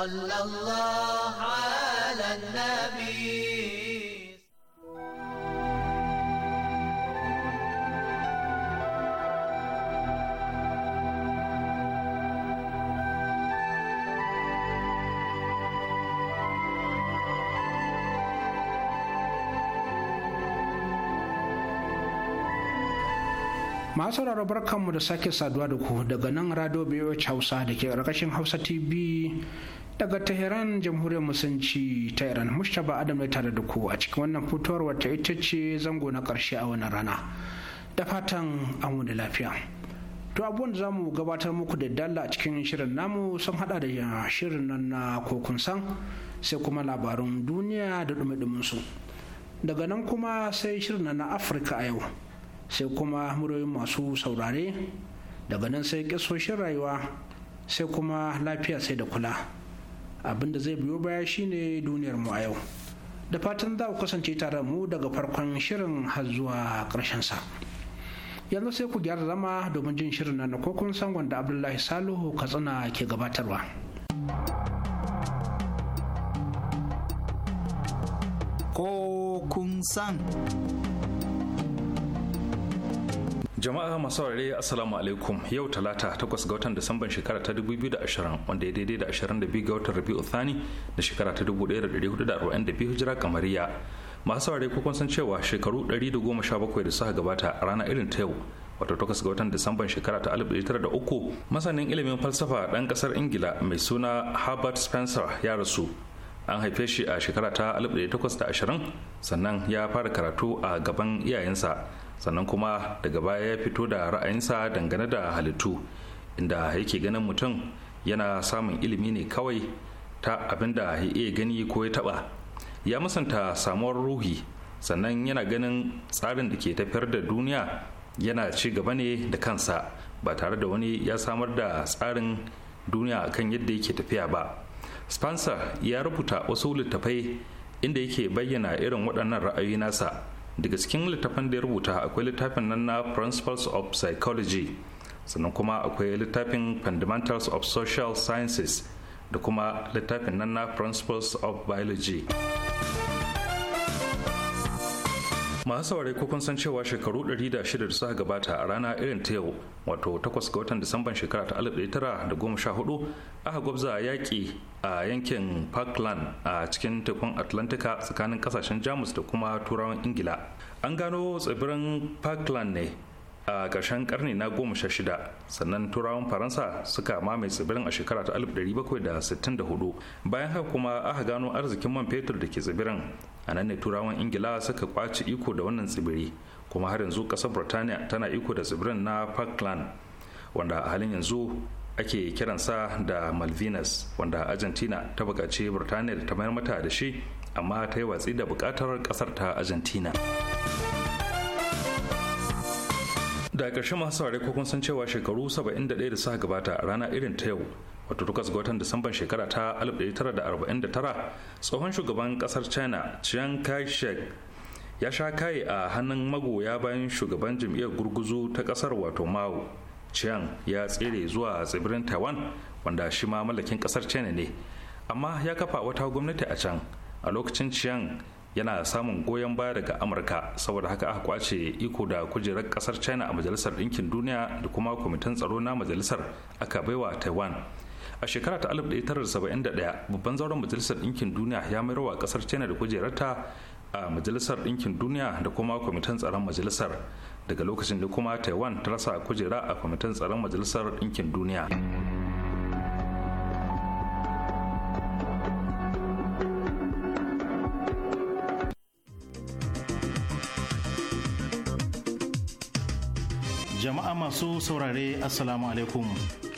صلى الله على النبي masu rarrabar barkanmu da sake saduwa da ku daga nan radio BOH Hausa da ke ƙarƙashin Hausa TV daga Tehran jamhuriyar musanci ta Iran Mustapha Adam ne tare da ku a cikin wannan fitowar wata ita ce zango na karshe a wannan rana da fatan an wani lafiya to abubuwan da za mu gabatar muku da dalla a cikin shirin namu sun hada da shirin nan na kokun san sai kuma labarun duniya da dumi su daga nan kuma sai shirin na afirka a yau sai kuma muryoyin masu saurare daga nan sai kisoshin rayuwa sai kuma lafiya sai da kula Abin da zai biyo baya shine duniyar mu a yau da fatan za ku kasance tare mu daga farkon shirin har zuwa ƙarshen sa yanzu sai ku gyara zama domin jin shirin nan ko kun san wanda abdullahi salihu katsina ke gabatarwa ko kun san jama'a masu saurare assalamu alaikum yau talata 8 ga watan disamban shekara ta 2020 wanda ya daidai da 22 ga watan rabi'u thani da shekara ta 1442 hijira kamariya masu saurare kukun san cewa shekaru 117 da suka gabata a ranar irin ta yau wato 8 ga watan disamban shekara ta 1903 masanin ilimin falsafa dan kasar ingila mai suna herbert spencer ya rasu an haife shi a shekara ta 1820 sannan ya fara karatu a gaban iyayensa sannan kuma daga baya ya fito da ra'ayinsa dangane da halittu inda yake ganin mutum yana samun ilimi ne kawai ta abin da ya iya gani ko ya taba ya musanta samuwar ruhi sannan yana ganin tsarin da ke tafiyar da duniya yana ci gaba ne da kansa ba tare da wani ya samar da tsarin duniya akan yadda yake tafiya ba spencer ya rubuta wasu littafai inda yake bayyana irin waɗannan ra'ayi nasa daga cikin littafin da ya rubuta akwai littafin nan na principles of psychology sannan kuma akwai littafin fundamentals of social sciences da kuma littafin nan na principles of biology masu saurari ko kun san cewa shekaru 106 da suka gabata a rana irin ta yau wato 8 ga watan disamban shekara ta 1914 aka gwabza yaƙi a yankin parkland a cikin tekun atlantika tsakanin kasashen jamus da kuma turawan ingila an gano tsibirin parkland ne a ƙarshen karni na 16 sannan turawan faransa suka mamaye tsibirin a shekara ta 1764 bayan haka kuma aka gano arzikin man fetur da ke tsibirin a nan ne turawan ingila suka kwace iko da wannan tsibiri kuma har yanzu kasar burtaniya tana iko da tsibirin na falkland wanda a halin yanzu ake kiransa da malvinas wanda argentina ta bukaci burtaniya da ta mayar mata da shi amma ta yi watsi da bukatar kasar ta argentina da ƙarshen masu saurari ko kun san cewa shekaru 71 da suka gabata a rana irin ta yau wato takwas ga watan disamban shekara ta 1949 tsohon shugaban kasar china chiang kai shek ya sha kai a hannun magoya bayan shugaban jam'iyyar gurguzu ta kasar wato mao chiang ya tsere zuwa tsibirin taiwan wanda shi ma mallakin kasar china ne amma ya kafa wata gwamnati a can a lokacin chiang yana samun goyon baya daga amurka saboda haka aka kwace iko da kujerar kasar china a majalisar ɗinkin duniya da kuma kwamitin tsaro na majalisar aka baiwa taiwan a shekara ta 1971 babban zauren majalisar ɗinkin duniya ya mayar wa ƙasar china da kujerarta a majalisar ɗinkin duniya da kuma kwamitin tsaron majalisar daga lokacin da kuma taiwan ta rasa kujera a kwamitin tsaron majalisar ɗinkin duniya jama'a masu saurare assalamu alaikum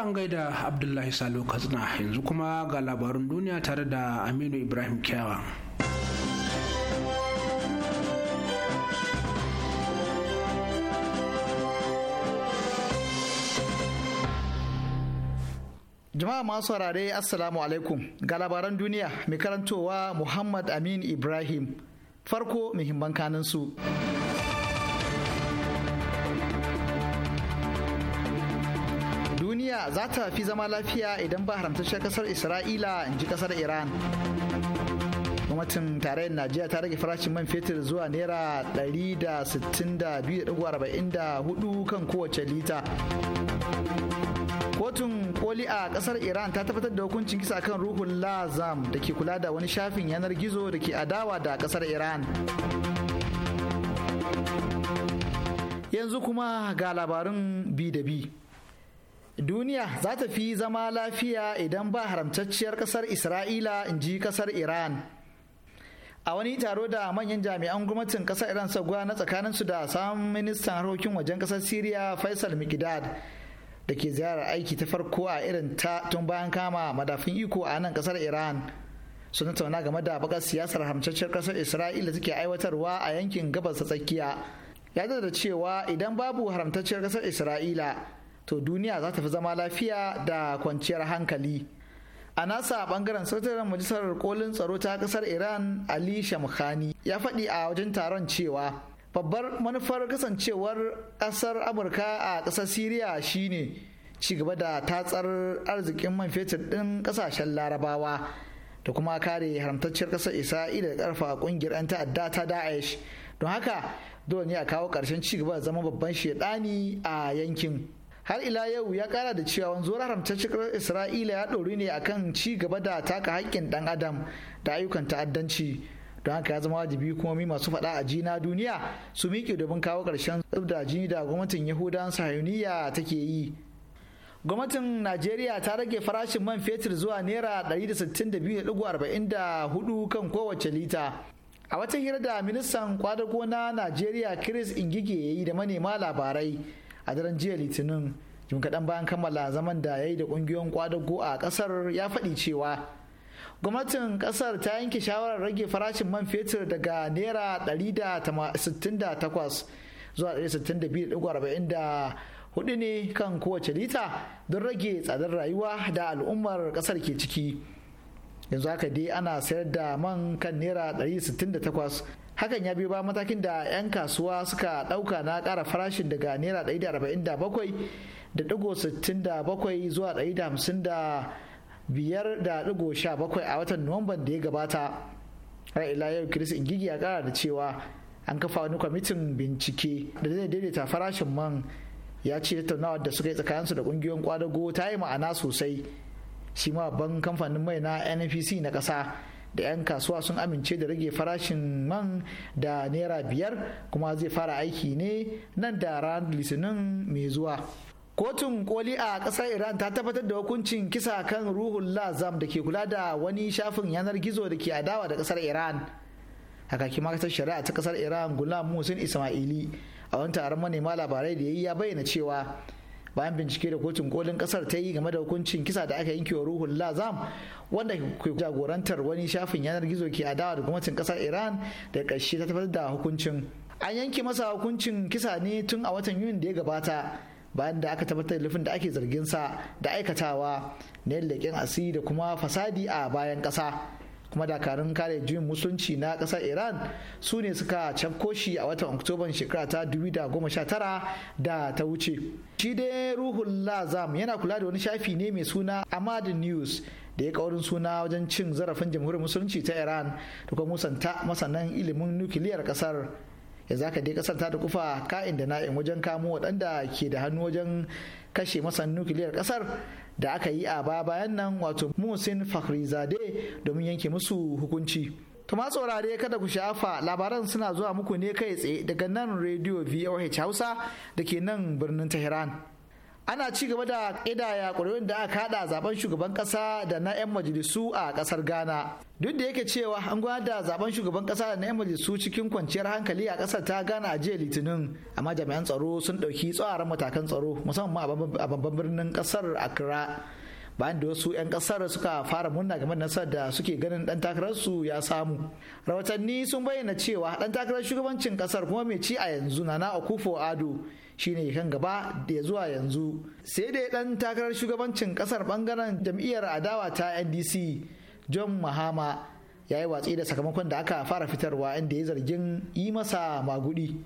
an gaida Abdullahi Salo Katsina yanzu kuma ga labarin duniya tare da Aminu Ibrahim Kyawa. Jama'a masu saurare Assalamu alaikum ga labaran duniya mai karantowa Muhammad Amin Ibrahim farko muhimman kanin su. za ta fi zama lafiya idan ba haramtacciyar kasar isra'ila in ji kasar iran gwamnatin tarayyar najeriya ta rage farashin man fetur zuwa naira 162.44 kan kowace lita kotun koli a kasar iran ta tabbatar da hukuncin kisa kan ruhun lazam da ke kula da wani shafin yanar gizo da ke adawa da kasar iran yanzu kuma ga labarin bi da bi duniya za ta fi zama lafiya idan ba haramtacciyar kasar isra'ila in ji kasar iran a wani taro da manyan jami'an gwamnatin kasar iran sagwa na tsakaninsu da samun ministan harkokin wajen kasar siriya faisal mikidad da ke ziyarar aiki ta farko a irin ta tun bayan kama madafin iko a nan kasar iran sun tauna game da bakar siyasar haramtacciyar kasar isra'ila suke aiwatarwa a yankin gabas ta tsakiya ya da cewa idan babu haramtacciyar kasar isra'ila to duniya za ta fi zama lafiya da kwanciyar hankali a nasa bangaren sakataren majalisar kolin tsaro ta kasar iran ali shamkhani ya faɗi a wajen taron cewa babbar manufar kasancewar kasar amurka a kasar siriya shine ci gaba da tatsar arzikin man fetur ɗin ƙasashen larabawa da kuma kare haramtacciyar ƙasar isra'ila da ƙarfa ƙungiyar 'yan ta'adda ta daesh don haka dole ne a kawo ƙarshen ci gaba da zama babban shaidani a yankin har ila yau ya kara da cewa wanzuwar cikin isra'ila ya ɗori ne akan ci gaba da taka haƙƙin ɗan adam da ayyukan ta'addanci don haka ya zama wajibi mi masu faɗa a jina duniya su miƙe domin kawo ƙarshen da jini da gwamnatin yahudan sahiyuniya take yi gwamnatin najeriya ta rage farashin man fetur zuwa naira 162.44 kan kowace lita a wata hira da ministan kwadago na najeriya chris ingige ya yi da manema labarai a daren jiya litinin jim kaɗan bayan kammala zaman da ya yi da ƙungiyoyin kwadago a ƙasar ya faɗi cewa gwamnatin ƙasar ta yanke shawarar rage farashin man fetur daga naira 168 zuwa 162.44 ne kan kowace lita don rage tsadar rayuwa da al'ummar ƙasar ke ciki yanzu haka dai ana sayar da man kan naira 168 hakan ya biyo ba matakin da 'yan kasuwa suka dauka na kara farashin daga naira 147 da digo 67 zuwa 155.17 a watan nuwamban da ya gabata ra'ila yau kiris ingigi ya kara da cewa an kafa wani kwamitin bincike da zai daidaita farashin man ya ce tattaunawa da suka yi tsakaninsu da ƙungiyoyin kwadago ta yi ma'ana sosai shi ma babban kamfanin mai na npc na kasa. da 'yan kasuwa sun amince da rage farashin man da naira biyar kuma zai fara aiki ne nan da ranar litinin mai zuwa kotun koli a kasar iran ta tabbatar da hukuncin kisa kan ruhun lazam da ke kula da wani shafin yanar gizo da ke adawa da kasar iran hakaki makasar shari'a ta kasar iran gulam musin ismaili a wani taron manema labarai da ya yi ya bayyana cewa bayan bincike da kotun kolin kasar ta yi game da hukuncin kisa da aka yanke wa ruhun lazam wanda ke jagorantar wani shafin yanar gizo ke adawa da gwamnatin kasar iran da karshe ta tafar da hukuncin an yanke masa hukuncin kisa ne tun a watan yuni da ya gabata bayan da aka tabbatar da lufin da ake zargin sa da aikatawa na leƙen asiri da kuma fasadi a bayan kasa kuma dakarun kare juyin musulunci na kasar iran su ne suka cafko shi a watan oktoban shekara ta 2019 da ta wuce shi dai ruhun lazam yana kula da wani shafi ne mai suna amad news da ya kaurin suna wajen cin zarafin jamhuriyar musulunci ta iran da kuma musanta masanan ilimin nukiliyar kasar ya zaka dai kasar ta da kufa ka'in da na'in wajen kamo waɗanda ke da hannu wajen kashe masan nukiliyar kasar da aka yi a bayan nan wato musin fakhrizade domin yanke musu hukunci kuma saurare kada ku shafa labaran suna zuwa muku ne kai tsaye daga nan rediyo VOH Hausa da ke nan birnin Tehran. Ana ci gaba da ƙidaya ƙuri'un da aka haɗa zaben shugaban ƙasa da na 'yan majalisu a ƙasar Ghana. Duk da yake cewa an gwada zaben shugaban ƙasa da na 'yan majalisu cikin kwanciyar hankali a ƙasar ta Ghana a jiya Litinin, amma jami'an tsaro sun ɗauki tsawaran matakan tsaro musamman a babban birnin ƙasar Accra. bayan da wasu 'yan kasar suka fara munna game da nasar da suke ganin dan takararsu ya samu rahotanni sun bayyana cewa dan takarar shugabancin kasar kuma mai ci a yanzu nana akufo ado shine kan gaba da ya zuwa yanzu sai dai dan takarar shugabancin kasar bangaren jam'iyyar adawa ta ndc john mahama ya yi watsi da sakamakon da aka fara fitarwa inda ya zargin yi masa magudi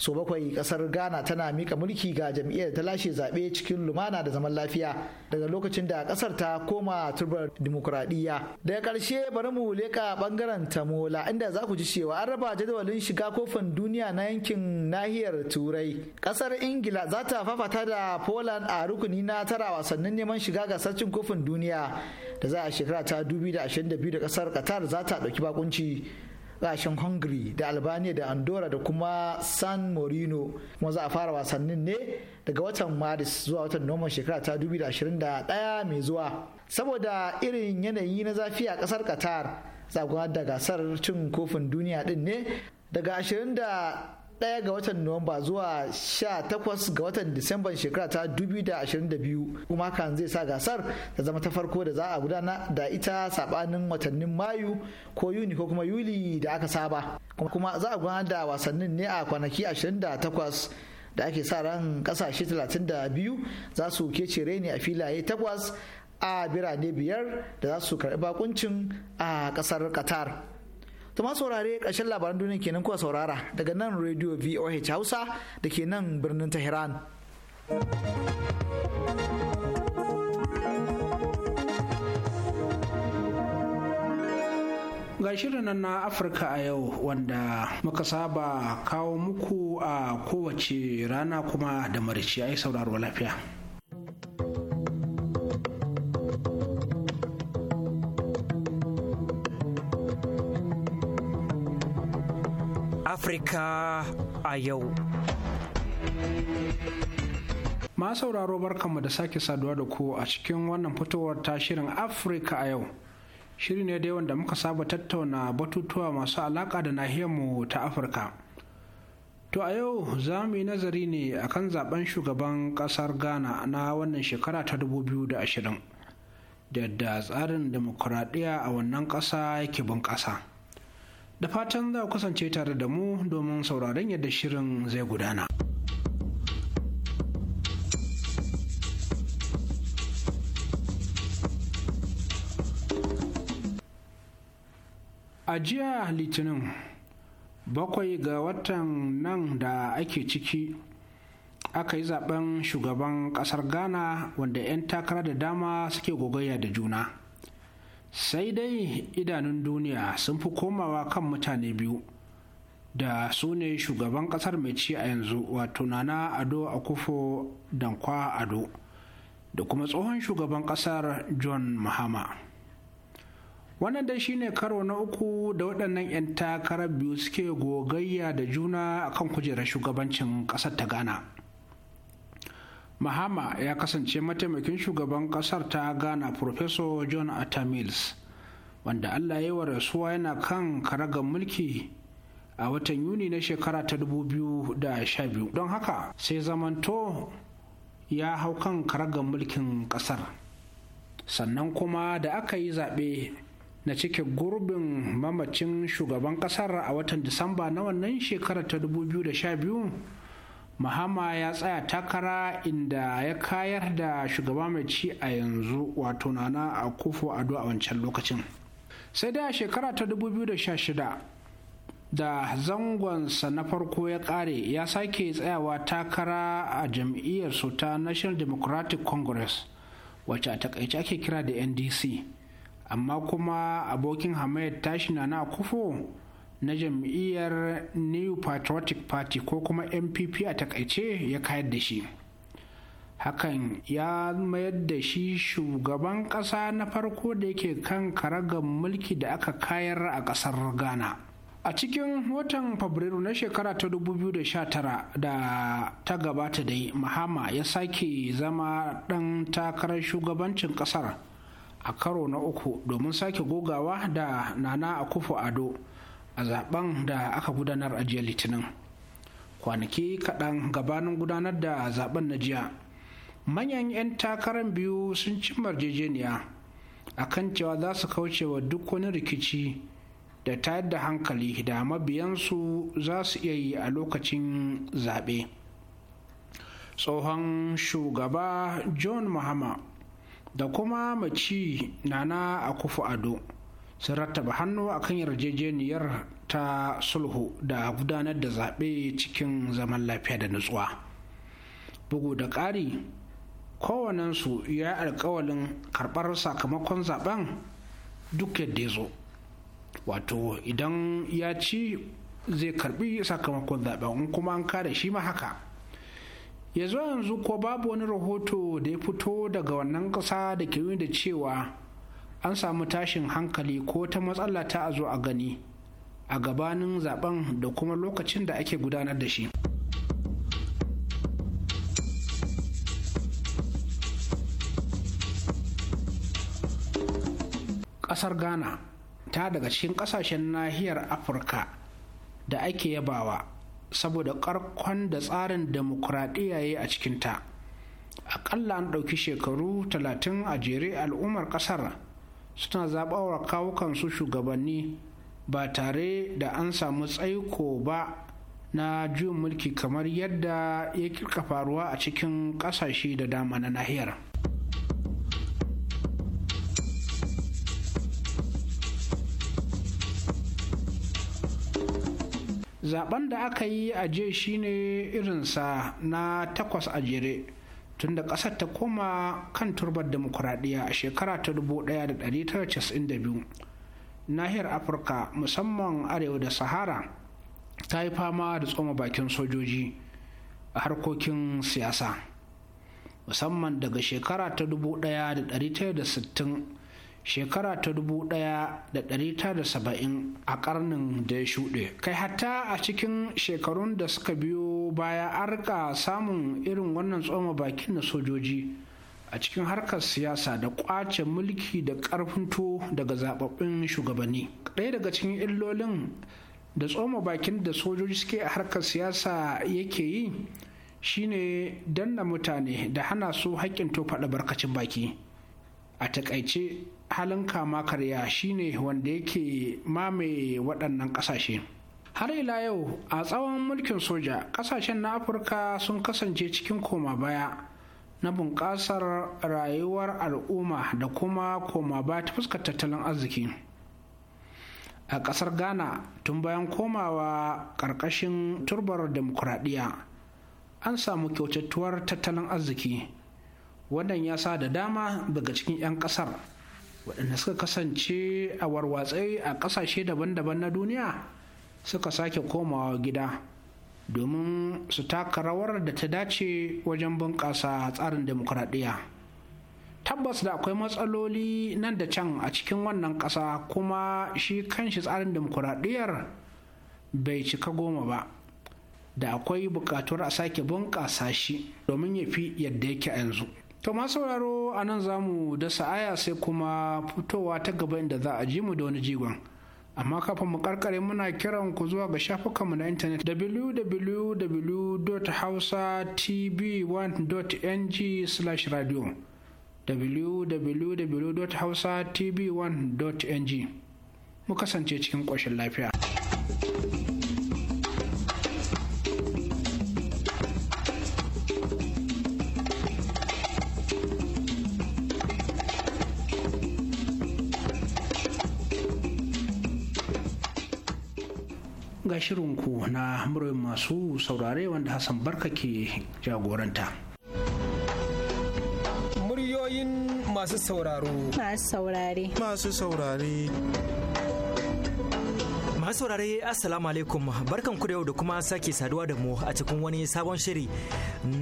so bakwai kasar ghana tana mika mulki ga jam'iyyar ta lashe zaɓe cikin lumana da zaman lafiya daga lokacin da kasar ta koma turbar dimokuraɗiyya daga ƙarshe bari mu leƙa ɓangaren tamola inda za ku ji cewa an raba jadawalin shiga kofin duniya na yankin nahiyar turai ƙasar ingila za ta fafata da poland a rukuni na tara wasannin neman shiga gasar kofin duniya da za a shekara ta 2022 da kasar qatar za ta ɗauki bakunci kasashen hungary da albania da andorra da kuma san marino kuma za a fara wasannin ne daga watan maris zuwa watan noman shekara ta 2021 mai zuwa saboda irin yanayi na zafi a kasar qatar za da gasar cin kofin duniya din ne daga 1 ga watan Nuwamba zuwa 18 ga watan Disamban shekara ta 2022 kuma hakan zai sa gasar ta zama ta farko da za a gudana da ita sabanin watannin Mayu ko Yuni ko kuma Yuli da aka saba kuma za a gudanar da wasannin ne a kwanaki 28 da ake sa ran kasashe 32 za su kece reni a filaye takwas a birane biyar da za su karɓi bakuncin a ƙasar qatar to ma saurare ƙarshen labaran duniya kenan kuwa saurara daga nan radio voh hausa da ke nan birnin tehran ga shirin nan na afirka a yau wanda muka saba kawo muku a kowace rana kuma da marici ai sauraro lafiya Afirka a yau. Ma sauraro barkanmu da sake saduwa da ku a cikin wannan fitowar ta shirin Afirka a yau. Shiri ne dai wanda muka saba tattauna batutuwa masu alaƙa da nahiyarmu ta Afirka. To a yau za mu yi nazari ne akan zaben shugaban ƙasar Ghana na wannan shekara ta 2020. da yadda tsarin demokuraɗiyya a wannan ƙasa yake bunƙasa. da fatan za kasance tare da mu domin sauraron yadda shirin zai gudana. a jiya litinin bakwai ga watan nan da ake ciki aka yi zaben shugaban kasar ghana wanda 'yan takara da dama suke gogayya da juna sai dai idanun duniya sun fi komawa kan mutane biyu da su ne shugaban kasar mai ci a yanzu wato nana ado a kufo dankwa ado da kuma tsohon shugaban kasar john mahama wannan dai shine karo na uku da waɗannan 'yan takarar biyu suke gogayya da juna akan kujerar shugabancin ƙasar ta ghana mahama ya kasance mataimakin shugaban kasar ta ghana professor john atta mills wanda allah ya wa rasuwa yana kan karagar mulki a watan yuni na shekara ta 2012 don haka sai zamanto ya hau kan karagan mulkin kasar sannan kuma da aka yi zaɓe na cike gurbin mamacin shugaban kasar a watan disamba na wannan shekara ta 2012 mahama ya tsaya takara inda ya kayar da shugaba mai ci a yanzu wato nana a kufo ado a wancan lokacin sai dai a shekara ta 2016 da zangonsa na farko ya kare ya sake tsayawa takara a jam'iyyar su ta national democratic congress wacce a takaice ake kira da ndc amma kuma abokin hamayar tashi na a kufo na jam'iyyar new patriotic party ko kuma npp a takaice ya kayar da shi hakan ya mayar da shi shugaban ƙasa na farko da yake kan karagar mulki da aka kayar a ƙasar ghana a cikin watan fabrairu na shekara ta 2019 da ta gabata dai mahama ya sake zama ɗan takarar shugabancin ƙasar a karo na uku domin sake gogawa da nana akufo ado a zaben da aka gudanar a jiya litinin kwanaki kaɗan gabanin gudanar da zaben na jiya manyan 'yan takarar biyu sun ci marjejeniya a kan cewa za su kauce wa duk wani rikici da tayar da hankali da mabiyansu za su iya yi a lokacin zaɓe tsohon shugaba john mahama da kuma maci nana kufu ado sun rattaba hannu a kan yarjejeniyar ta sulhu da gudanar da zaɓe cikin zaman lafiya da nutsuwa bugu da ƙari kowanensu ya yi alkawalin karɓar sakamakon zaben duk yadda ya zo wato idan ya ci zai karɓi sakamakon zaben kuma an kare shi ma haka ya zo yanzu ko babu wani rahoto da ya fito daga wannan ƙasa da ke da cewa an samu tashin hankali ko ta matsala ta a zo a gani a gabanin zaben da kuma lokacin da ake gudanar da shi ƙasar ghana ta daga cikin ƙasashen nahiyar afirka da ake yabawa saboda ƙarkon da tsarin demokuraɗiyya ya yi a cikinta aƙalla an ɗauki shekaru talatin a jere al'ummar ƙasar suna zaɓawa kawukansu shugabanni ba tare da an samu tsaiko ba na juyin mulki kamar yadda ya kirka faruwa a cikin ƙasashe da dama na nahiyar zaben da aka yi a jiya shine irinsa na takwas a jere tunda ƙasar ta koma kan turbar demokuraɗiyya a shekara ta 1992 nahiyar afirka musamman arewa da sahara ta yi fama da tsoma bakin sojoji a harkokin siyasa musamman daga shekara ta 1960 shekara ta dubu da da ta saba'in a karnin da ya shuɗe kai hatta a cikin shekarun da suka biyo baya arka samun irin wannan tsoma bakin na sojoji a cikin harkar siyasa da ƙwace mulki da ƙarfin to daga zababbin shugabanni ɗaya daga cikin illolin da tsoma bakin da sojoji suke a harkar siyasa yake yi shine danna mutane da hana su haƙƙin faɗa barkacin baki a takaice halin kama karya shine wanda yake mamaye waɗannan ƙasashe har ila yau a tsawon mulkin soja ƙasashen na afirka sun kasance cikin koma baya na bunƙasar rayuwar al'umma da kuma koma baya ta fuskar tattalin arziki a ƙasar ghana tun bayan komawa ƙarƙashin turbar demokuraɗiyya an samu kyautattuwar tattalin arziki wannan ya sa da dama daga cikin 'yan ƙasar waɗanda suka kasance a warwatsai a ƙasashe daban-daban na duniya suka sake komawa gida domin su taka rawar da ta dace wajen bunƙasa tsarin demokuraɗiyya tabbas da akwai matsaloli nan da can a cikin wannan ƙasa kuma shi kanshi tsarin demokuraɗiyyar bai cika goma ba da akwai buƙatuwar a sake bunƙasa shi domin ya fi yadda yake a yanzu To ma sauraro a nan za mu dasa aya sai kuma fitowa ta gaba inda za a ji mu da wani jigon. Amma kafin mu karkare muna kiran ku zuwa ga shafukanmu na intanet www.hausatv1.ng/radio www.hausatv1.ng mu kasance cikin ƙoshin lafiya. ku na murin masu saurare wanda Hassan Barka ke jagoranta. Muryoyin masu sauraro. Masu saurare. Masu saurare. Masu saurare Assalamu alaikum barkan ku da yau da kuma sake saduwa da mu a cikin wani sabon shiri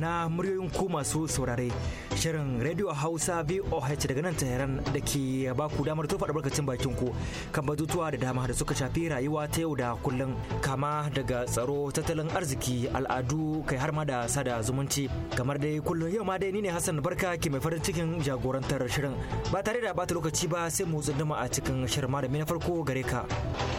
na muryoyin ku masu saurare shirin Radio Hausa VOH daga nan Tehran da ke ba ku damar tofa albarkacin bakin ku kan batutuwa da dama da suka shafi rayuwa ta yau da kullum kama daga tsaro tattalin arziki al'adu kai har ma da sada zumunci kamar dai kullum yau ma dai ni ne Hassan Barka ke mai farin cikin jagorantar shirin ba tare da bata lokaci ba sai mu tsunduma a cikin shirin malami na farko gare ka.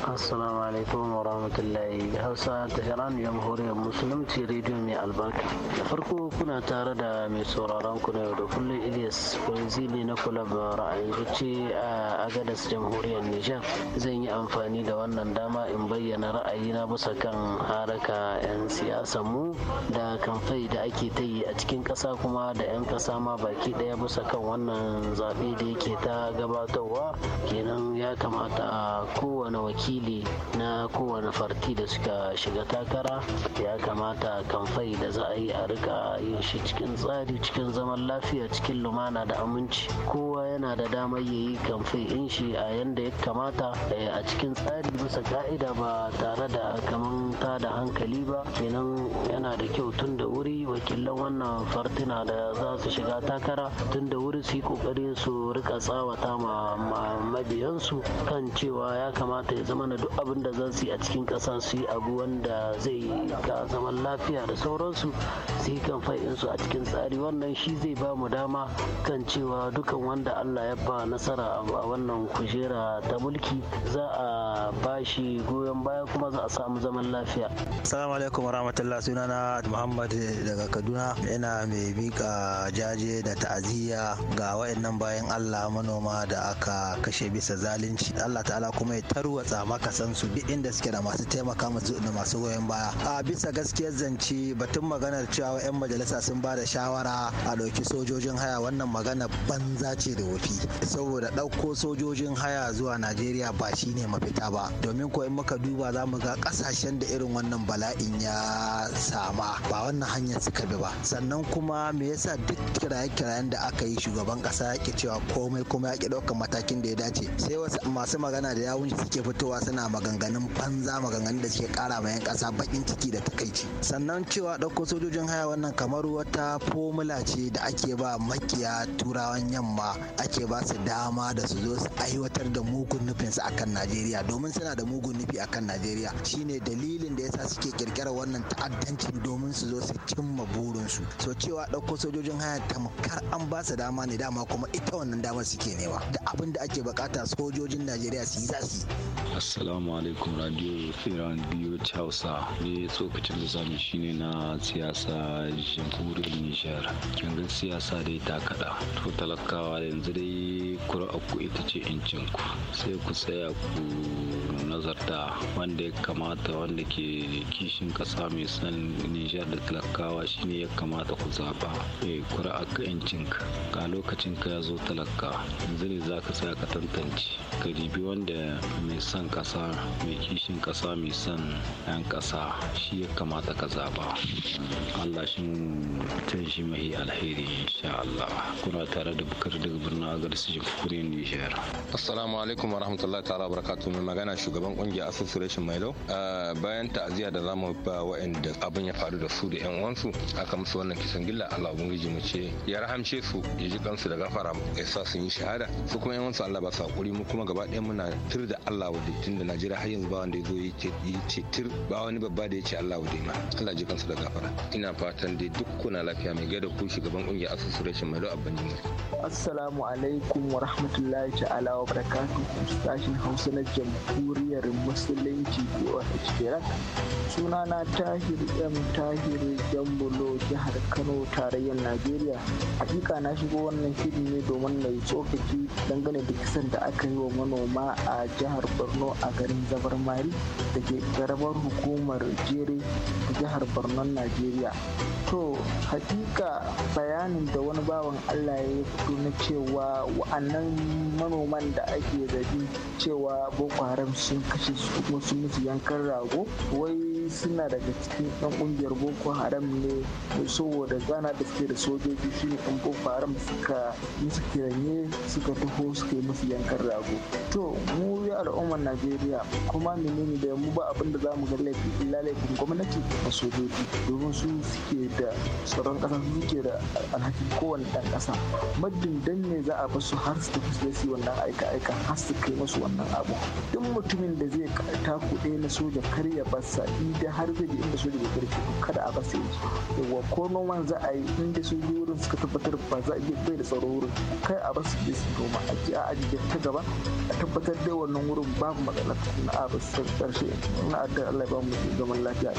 Assalamu Assalamu alaikum wa rahmatullahi Hausa ta Iran jamhuriyar Musulunci rediyo mai albarka. Da farko kuna tare da mai sauraron ku na yau da kullum Ilyas Kwanzili na kulab ra'ayin zuci a Agadas jamhuriyar Nijar. Zan yi amfani da wannan dama in bayyana ra'ayi na bisa kan haraka 'yan siyasa mu da kamfai da ake ta yi a cikin ƙasa kuma da 'yan ƙasa ma baki ɗaya bisa kan wannan zaɓe da yake ta gabatarwa kenan ya kamata kowane wakili na kowane farti da suka shiga takara ya kamata kamfai da za a yi a rika yin shi cikin tsari cikin zaman lafiya cikin lumana da aminci kowa yana da damar ya yi kamfai in shi a yanda ya kamata eh, a cikin tsari bisa ka'ida ba tare da kaman ta da hankali ba kenan yana da kyau tun da wakilan wannan fartuna da za su shiga takara tun da wuri su yi kokari su rika tsawata ma mabiyansu kan cewa ya kamata ya zama na duk abin da za su yi a cikin kasa su yi abu wanda zai ga zaman lafiya da sauransu su yi kamfai su a cikin tsari wannan shi zai ba mu dama kan cewa dukan wanda Allah ya ba nasara a wannan kujera ta mulki za a ba shi goyon baya kuma za a samu zaman lafiya. Assalamu alaikum warahmatullahi sunana Muhammad daga daga kaduna yana mai bika jaje da ta'aziyya ga wayannan bayan allah manoma da aka kashe bisa zalunci allah ta'ala kuma ya tarwatsa san su duk inda suke da masu taimaka musu da masu goyon baya a bisa gaskiyar zance batun maganar cewa 'yan majalisa sun ba da shawara a ɗauki sojojin haya wannan magana banza ce da wofi saboda ɗauko sojojin haya zuwa najeriya ba shi ne mafita ba domin ko in muka duba za mu ga ƙasashen da irin wannan bala'in ya sama ba wannan hanyar suka bi ba sannan kuma me yasa duk kiraye-kirayen da aka yi shugaban kasa ya cewa komai kuma ya ki ɗaukar matakin da ya dace sai wasu masu magana da yawunci suke fitowa suna maganganun banza maganganun da suke kara ma yan kasa bakin ciki da takaici sannan cewa ɗauko sojojin haya wannan kamar wata fomula ce da ake ba makiya turawan yamma ake ba su dama da su zo su aiwatar da mugun nufinsu akan najeriya domin suna da mugun nufi akan najeriya shine dalilin da yasa suke kirkirar wannan ta'addancin domin su zo su cimma cimma burinsu so cewa ɗauko sojojin haya tamkar an ba su dama ne dama kuma ita wannan damar suke nema da abin da ake bukata sojojin najeriya su yi za su yi assalamu alaikum radio iran biyu hausa ne tsokacin da zamu shine na siyasa jamhuriyar nijar yanzu siyasa da ta kada to talakawa yanzu dai kura ita ce incinku sai ku tsaya ku Nazarta wanda ya kamata wanda ke kishin kasa mai san nijar da talakawa shine ya kamata ku zaba eh, a kura a yancinka ga lokacin ka ya zo talaka yanzu ne za ka tsaya ka tantance ka ribi wanda mai son kasa mai kishin kasa mai son 'yan kasa shi ya kamata ka zaba allah shi can shi mahi alheri insha allah kuna tare da bukar daga birnin agar su jamhuriyar nijar assalamu alaikum warahmatullahi ta'ala mai magana shugaban shugaban kungiyar association mai lau bayan ta'aziyya da zamu ba wa'anda abin ya faru da su da yan uwansu aka musu wannan kisan gilla Allah ubangiji mu ce ya rahamce su ya ji kansu da gafara ya sa sun yi shahada su kuma yan uwansu Allah ba su hakuri mu kuma gaba ɗaya muna tir da Allah wa tun da Najeriya har yanzu ba wanda ya zo ya ce tir ba wani babba da ya ce Allah wa ma Allah ji kansu da gafara ina fatan dai duk kuna lafiya mai gada ku shugaban kungiyar association mai lau abban Assalamu alaikum wa rahmatullahi ta'ala wa barakatuhu sashin Hausa na jamhuriyar jam'iyyar musulunci ko suna na tahir m tahir jambulo jihar kano tarayyar najeriya hakika na shigo wannan shiri ne domin na yi tsokaci dangane da kisan da aka yi wa manoma a jihar borno a garin zabar mari da ke garabar hukumar jere da jihar borno najeriya to hakika bayanin da wani bawan allah ya fito na cewa wa'annan manoman da ake zabi cewa boko haram sun an kashe su wasu musu yankan rago wai suna daga cikin ɗan ƙungiyar boko haram ne saboda gana da suke da sojoji shine ɗan boko haram suka musu kiranye suka taho suka yi musu yankan rago to mu ya al'ummar najeriya kuma menene da mu ba abin da za ga laifin illa laifin gwamnati da sojoji domin su suke da tsaron kasa su suke da alhakin kowane ɗan ƙasa muddin dan ne za a bar su har su tafi su wannan aika-aika har su kai musu wannan abu duk mutumin da zai taku ɗaya na soja kar ya sa in idan har zai je inda soja bai kada a basa yanzu yawa ko noman za a yi inda soja wurin suka tabbatar ba za a iya bai da tsaro wurin kai a basu je su noma a ji a ajiye ta gaba a tabbatar da wannan wurin babu matsala na a basu karshe na addan Allah ya ba mu zaman lafiya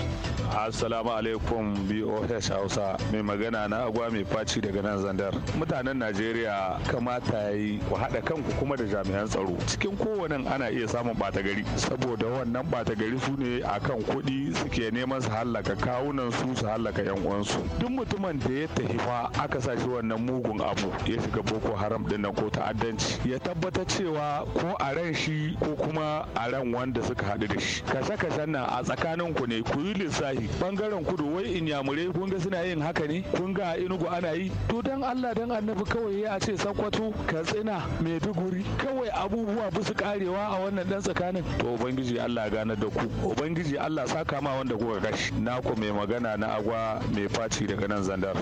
assalamu alaikum BOS Hausa mai magana na agwa mai faci daga nan zandar mutanen Najeriya kamata yi ku haɗa kanku kuma da jami'an tsaro cikin kowannen ana iya samun ɓata gari saboda wannan ɓata gari su ne kuɗi suke neman su hallaka kawunan su su hallaka yan uwansu duk mutumin da ya tafi fa aka sa shi wannan mugun abu ya shiga boko haram din nan ko ta'addanci ya tabbata cewa ko a ran shi ko kuma a ran wanda suka haɗu da shi kashe kashen nan a tsakanin ku ne ku yi lissafi bangaren kudu wai inyamurai kun ga suna yin haka ne kun ga inugu ana yi to dan Allah dan annabi kawai ya ce sakwato katsina maiduguri kawai abubuwa bisu karewa a wannan dan tsakanin to ubangiji Allah gane da ku ubangiji Allah saka kama wanda kuka kashi ku mai magana na agwa mai faci daga nan zandar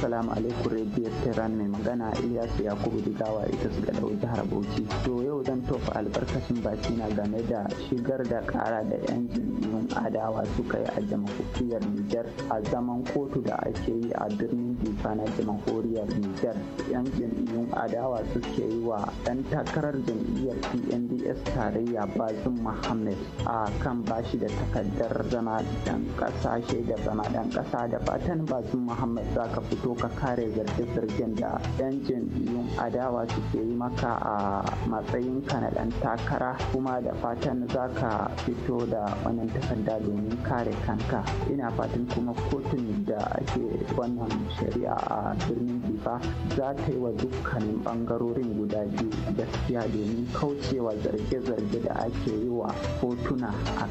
salamu alaikum radio tehran mai magana ilyas yakubu digawa ita su gadau jihar bauchi to yau zan tofa albarkacin baki na game da shigar da kara da yan jam'iyyun adawa suka yi a jamhuriyar nijar a zaman kotu da ake yi a birnin ifa na jamhuriyar nijar yan jam'iyyun adawa suke yi wa ɗan takarar jam'iyyar pnds tarayya Bazum muhammad a kan bashi da takardar zama ɗan ƙasa shaidar zama ɗan ƙasa da fatan Bazum mahammed za ka fito ka kare zarge-zargen da yan jam'iyyun adawa suke yi maka a matsayin ka na ɗan takara kuma da fatan za ka fito da wannan takarda domin kare kanka ina fatan kuma kotun da ake wannan lafiya a birnin Difa za ta yi wa dukkanin bangarorin guda biyu gaskiya domin kaucewa zarge-zarge da ake yi wa hotuna a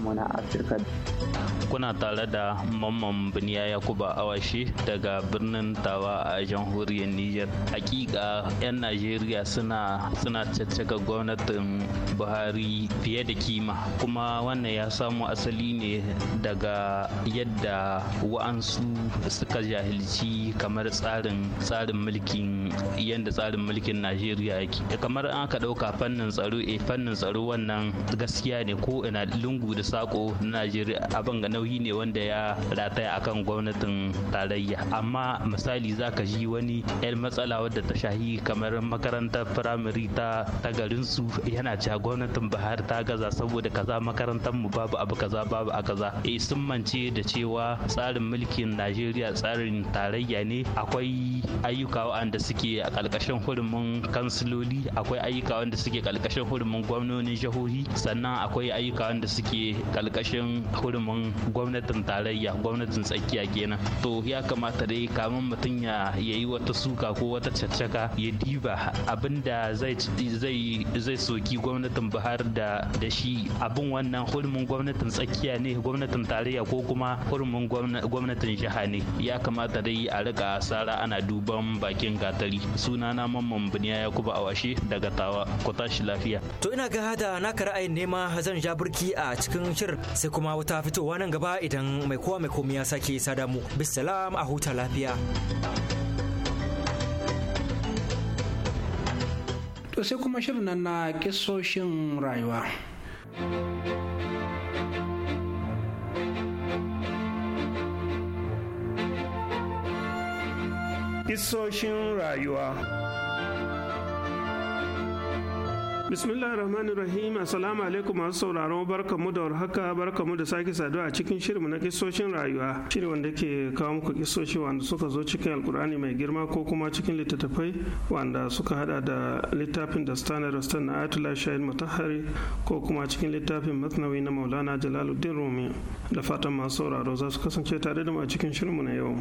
mu na Afirka. Kuna tare da Mamman Biniya Yakuba Awashi daga birnin Tawa a jamhuriyar Nijar. Hakika 'yan Najeriya suna suna caccaka gwamnatin Buhari fiye da kima kuma wannan ya samu asali ne daga yadda wa'ansu suka jahilci nazarci kamar tsarin tsarin mulkin yadda tsarin mulkin najeriya yake kamar an ka ɗauka fannin tsaro e fannin tsaro wannan gaskiya ne ko ina lungu da sako na najeriya abin ga nauyi ne wanda ya rataya akan gwamnatin tarayya amma misali za ka ji wani yan matsala wadda ta shahi kamar makarantar firamare ta ta garinsu yana cewa gwamnatin bahar ta gaza saboda kaza makarantar mu babu abu kaza babu a kaza e sun mance da cewa tsarin mulkin najeriya tsarin tarayya ne akwai ayyuka wanda suke a ƙarƙashin hurumin kansiloli akwai ayyuka wanda suke ƙarƙashin hurumin gwamnonin jihohi sannan akwai ayyuka wanda suke ƙarƙashin hurumin gwamnatin tarayya gwamnatin tsakiya kenan to ya kamata dai kamin mutum ya yi wata suka ko wata caccaka ya diba abinda zai zai zai soki gwamnatin buhar da da shi abin wannan hurumin gwamnatin tsakiya ne gwamnatin tarayya ko kuma hurumin gwamnatin jiha ne ya kamata dai a riga sara ana duban bakin gatari suna na mamman biniya yakuba awashe daga tawa ku tashi lafiya to ina ga hada na naka ra'ayin nema zan ja burki a cikin shir sai kuma wuta fitowa nan gaba idan mai kowa mai komai ya sake sada mu bisalam a huta lafiya to sai kuma shirin nan na kisoshin rayuwa Isoshin rayuwa. bismillah rahman rahim assalamu alaikum masu sauraron barka mu da warhaka barka mu da sake saduwa a cikin shirin na kisoshin rayuwa shirin wanda ke kawo muku kisoshi wanda suka zo cikin alkur'ani mai girma ko kuma cikin littattafai wanda suka hada da littafin da standard rastan na atula shahid mutahari ko kuma cikin littafin masnawi na maulana jalaluddin rumi da fatan masu sauraro za su kasance tare da mu a cikin shirin na yau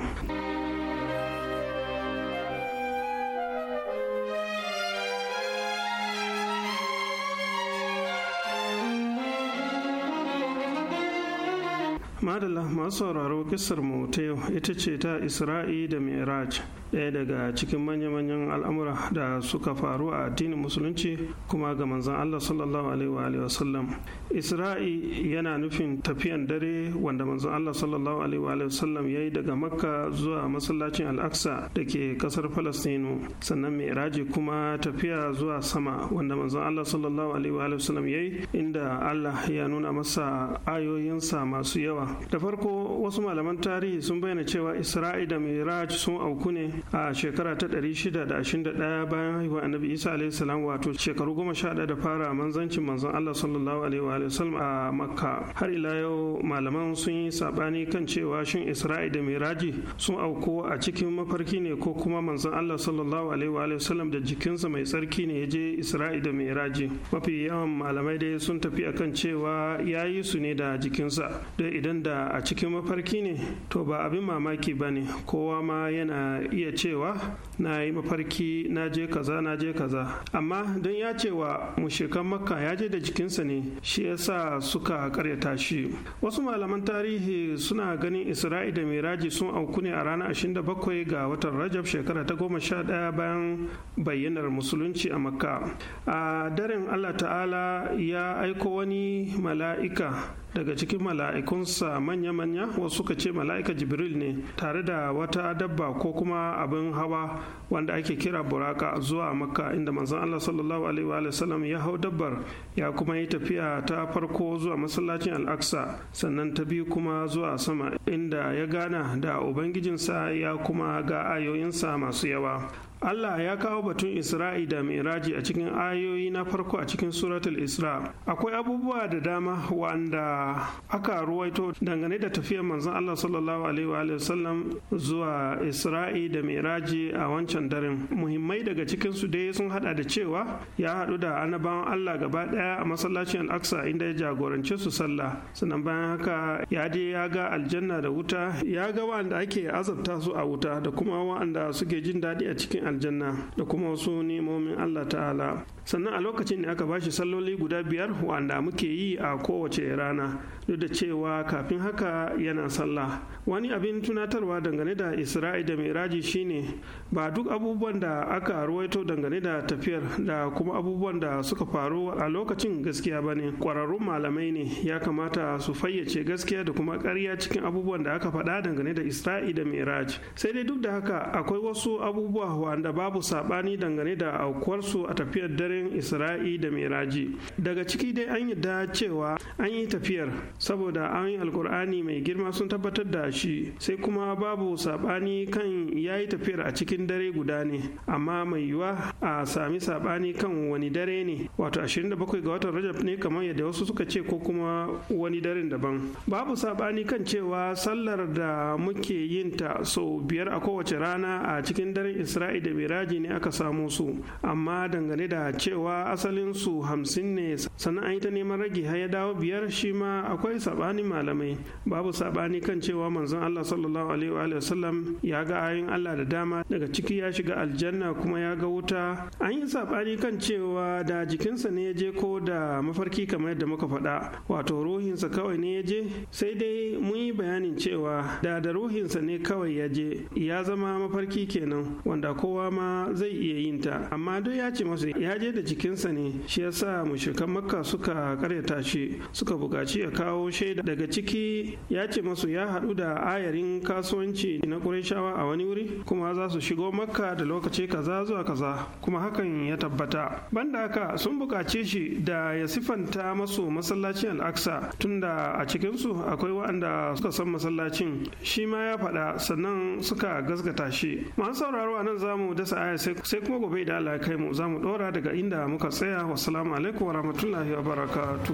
madalla masu sauraro kisar mu ta yau ita ce ta isra'i da mi'raj ɗaya daga cikin manya-manyan al'amura da suka faru a addinin musulunci kuma ga manzon Allah sallallahu alaihi wa sallam isra'i yana nufin tafiyan dare wanda manzon Allah sallallahu alaihi wa sallam ya yi daga makka zuwa masallacin al-aqsa da ke kasar falastinu sannan mi'raji kuma tafiya zuwa sama wanda manzon Allah sallallahu alaihi wa sallam ya yi inda Allah ya nuna masa ayoyinsa masu yawa da farko wasu malaman tarihi sun bayyana cewa isra'i da mi'raj sun auku ne a shekara ta 621 bayan haihuwa annabi isa alaihi salam wato shekaru goma sha da fara manzancin manzon allah sallallahu alaihi wa sallam a makka har ila yau malaman sun yi sabani kan cewa shin isra'i da miraji sun auko a cikin mafarki ne ko kuma manzon allah sallallahu alaihi wa sallam da jikinsa mai tsarki ne ya je isra'i da miraji mafi yawan malamai dai sun tafi akan cewa ya yi su ne da jikinsa don idan da a cikin mafarki ne to ba abin mamaki ba ne kowa ma yana iya cewa na yi mafarki na je kaza na je kaza amma don ya ce wa mushekan makka ya je da jikinsa ne shi ya sa suka karyata shi wasu malaman tarihi suna ganin isra'i da miraji sun auku ne a ranar 27 ga watan rajab shekara ta goma sha ɗaya bayan bayyanar musulunci a makka a daren allah ta'ala ya aiko wani mala'ika daga cikin mala'ikunsa manya-manya wasu suka ce mala'ika jibril ne tare da wata dabba ko kuma abin hawa wanda ake kira buraka zuwa makka inda manzon allah sallallahu alaihi wa sallam ya hau dabbar ya kuma yi tafiya ta farko zuwa masallacin al'aksa sannan ta biyu kuma zuwa sama inda ya gana da ubangijinsa ya kuma ga ayoyinsa masu yawa Allah ya kawo batun Isra'i da Miraji a cikin ayoyi na farko a cikin suratul Isra. Akwai abubuwa da dama wanda aka ruwaito dangane da tafiyar manzon Allah sallallahu alaihi wa sallam zuwa Isra'i da Miraji a wancan daren. Muhimmai daga cikin su dai sun hada da cewa ya haɗu da annabawan Allah gaba ɗaya a masallacin Al-Aqsa inda ya jagorance su sallah. Sannan bayan haka ya je ya ga aljanna da wuta, ya ga wanda ake azabta su a wuta da kuma wanda suke jin daɗi a cikin aljanna da kuma wasu nemomin Allah ta'ala sannan a lokacin da aka bashi salloli guda biyar wanda muke yi a kowace rana duk da cewa kafin haka yana sallah wani abin tunatarwa dangane da isra'i da miraji shine ba duk abubuwan da aka ruwaito dangane da tafiyar da kuma abubuwan da suka faru a lokacin gaskiya ba ne ƙwararrun malamai ne ya kamata su fayyace gaskiya da kuma karya cikin abubuwan da aka faɗa dangane da isra'i da miraji sai dai duk da haka akwai wasu abubuwa waɗanda babu saɓani dangane da aukuwarsu a tafiyar daren isra'i da miraji daga ciki dai an yi da cewa an yi tafiyar saboda an yi alkur'ani mai girma sun tabbatar da shi sai kuma babu saɓani kan ya yi tafiyar a cikin dare guda ne amma mai yiwuwa a sami saɓani kan wani dare ne wato 27 ga watan rajab ne kamar yadda wasu suka ce ko kuma wani daren daban babu saɓani kan cewa sallar da muke yin ta sau biyar a kowace rana a cikin daren isra'i da miraji ne aka samo su amma dangane da cewa asalin su hamsin ne sannan an yi ta neman rage har ya dawo biyar shi ma akwai saɓani malamai babu saɓani kan cewa manzon Allah sallallahu alaihi wa sallam ya ga ayin Allah da dama daga ciki ya shiga aljanna kuma ya ga wuta an yi saɓani kan cewa da jikinsa ne ya je ko da mafarki kamar yadda muka faɗa wato ruhinsa kawai ne ya je sai dai mun yi bayanin cewa da da ruhinsa ne kawai ya je ya zama mafarki kenan wanda ko kowa ma zai iya yin ta amma duk ya ce masu ya je da jikinsa ne shi ya sa mushrikan makka suka karyata shi suka bukaci ya kawo shaida daga ciki ya ce masu ya haɗu da ayarin kasuwanci na ƙurashawa a wani wuri kuma za su shigo makka da lokaci kaza zuwa kaza kuma hakan ya tabbata banda haka sun bukaci shi da ya sifanta masu masallacin al'aksa tunda a cikinsu akwai waɗanda suka san masallacin shi ma ya faɗa sannan suka gasgata shi masu sauraro a nan zamu mu dasa aya sai kuma gobe da Allah kai mu za mu dora daga inda muka tsaya wassalamu alaikum wa rahmatullahi wa barakatu.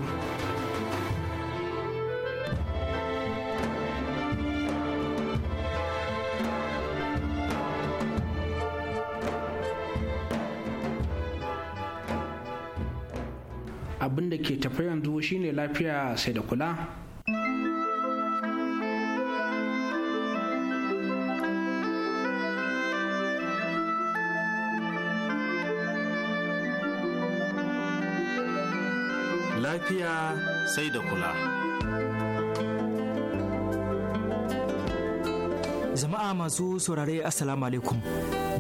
abin da ke tafi yanzu shine lafiya sai da kula lafiya sai da kula. Jama'a masu saurare Assalamu alaikum.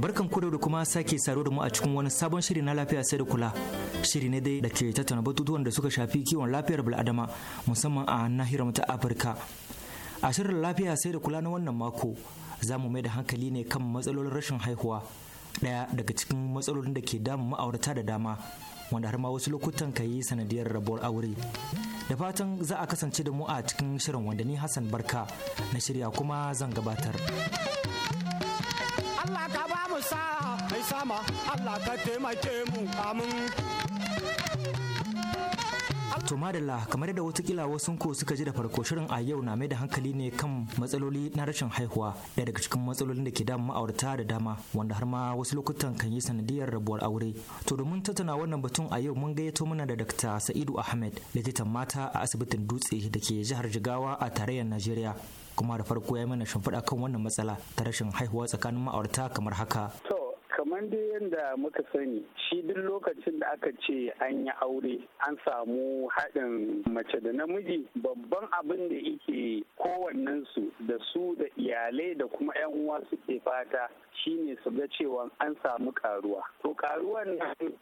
Barkan ku da kuma sake saro da mu a cikin wani sabon shiri na lafiya sai da kula. Shiri ne dai da ke tattauna batutuwan da suka shafi kiwon lafiyar bil'adama musamman a nahiyar ta Afirka. A shirin lafiya sai da kula na wannan mako za mu mai da hankali ne kan matsalolin rashin haihuwa. ɗaya daga cikin matsalolin da ke damun ma'aurata da dama wanda har ma wasu lokutan ka yi sanadiyar rabuwar aure da fatan za a kasance da mu a cikin shirin wanda ni hassan barka na shirya kuma zan gabatar Allah ka ba mu sa mai sama Allah ka taimake mu amin To madalla kamar yadda watakila wasu ko suka ji da farko shirin a yau na mai da hankali ne kan matsaloli na rashin haihuwa ɗaya daga cikin matsalolin da ke damun ma'aurata da dama wanda har ma wasu lokutan kan yi sanadiyar rabuwar aure. To domin tattauna wannan batun a yau mun gayyato mana da Dr. Sa'idu Ahmed likitan mata a asibitin Dutse da ke jihar Jigawa a tarayyar Najeriya. kuma da farko ya yi mana shimfiɗa kan wannan matsala ta rashin haihuwa tsakanin ma'aurata kamar haka. To da muka sani shi duk lokacin da aka ce an yi aure an samu haɗin mace da namiji babban abin da yake kowannensu su da su da iyalai da kuma 'yan uwa suke fata shine su ga cewa an samu karuwa to karuwan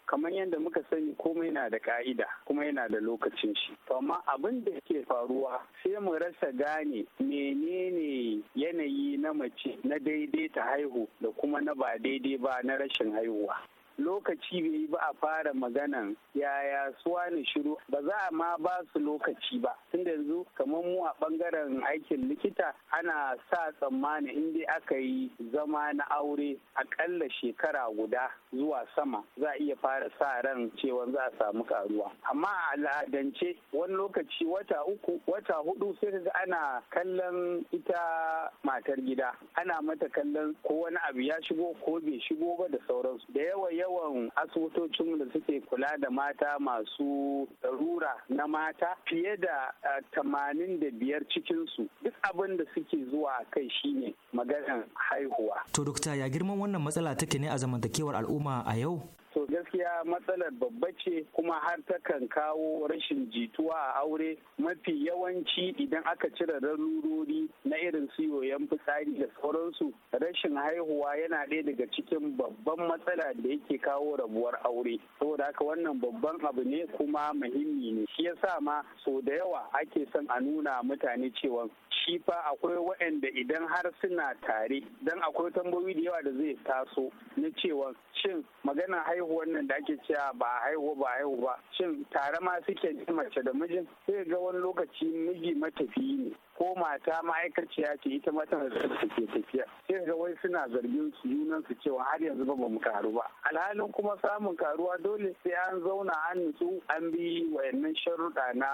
kamar yadda muka sani komai yana da ka'ida kuma yana da lokacin shi to amma abin da ke faruwa sai mu rasa gane menene yanayi na mace na daidai ta haihu da kuma na ba daidai ba na rashin haihu yayuwa lokaci bai yi ba a fara maganan yaya suwa ne shiru ba za a ma ba su lokaci ba tunda yanzu kamar mu a bangaren aikin likita ana sa tsammani in dai aka yi zama na aure akalla shekara guda zuwa sama za a iya fara sa ran cewa za a samu karuwa amma a al'adance wani lokaci wata uku wata hudu sai ga ana kallon ita matar gida ana mata kallon ko wani abu ya shigo ko bai shigo ba da sauransu da yawa yawan asibitocin da suke kula da mata masu rura na mata fiye da tamanin da biyar cikinsu duk abin da suke zuwa kai shine maganar haihuwa. To dokta ya girman wannan matsala take ne a zamantakewar al'umma a yau? to gaskiya matsalar babba ce kuma har takan kawo rashin jituwa a aure mafi yawanci idan aka cire rarurori na irin su fitsari da sauransu rashin haihuwa yana ɗaya daga cikin babban matsala da yake kawo rabuwar aure saboda haka wannan babban abu ne kuma muhimmi ne shi yasa ma so da yawa ake son a nuna mutane cewa shi fa akwai waɗanda idan har suna tare dan akwai tambayoyi da yawa da zai taso na cewa shin maganar haihuwa haihuwar nan da ake cewa ba a haihu ba haihu ba shin tare ma suke mace da mijin sai ga wani lokaci miji matafiyi ne ko mata ma'aikaciya ce ita ma tana da take tafiya sai ga wai suna zargin junan su cewa har yanzu ba mu karu ba alhalin kuma samun karuwa dole sai an zauna an nutsu an bi wayannan sharuɗa na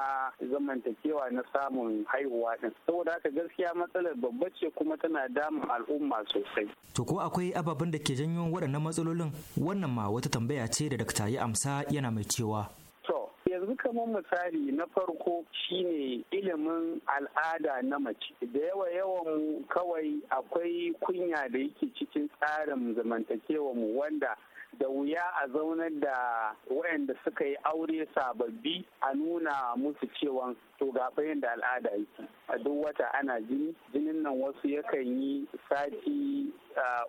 zamantakewa na samun haihuwa din saboda haka gaskiya matsalar babba ce kuma tana damun al'umma sosai to ko akwai ababen da ke janyo waɗannan matsalolin wannan ma wata tambaya ce da dakta ya amsa yana mai cewa yanzu kamar misali na farko shine ilimin al'ada na mace da yawa yawan kawai akwai kunya da yake cikin tsarin zamantakewa mu wanda da wuya a zaunar da waɗanda suka yi aure sababbi a nuna musu cewa to ga da al'ada yake a duk wata ana jini jinin nan wasu yakan yi sati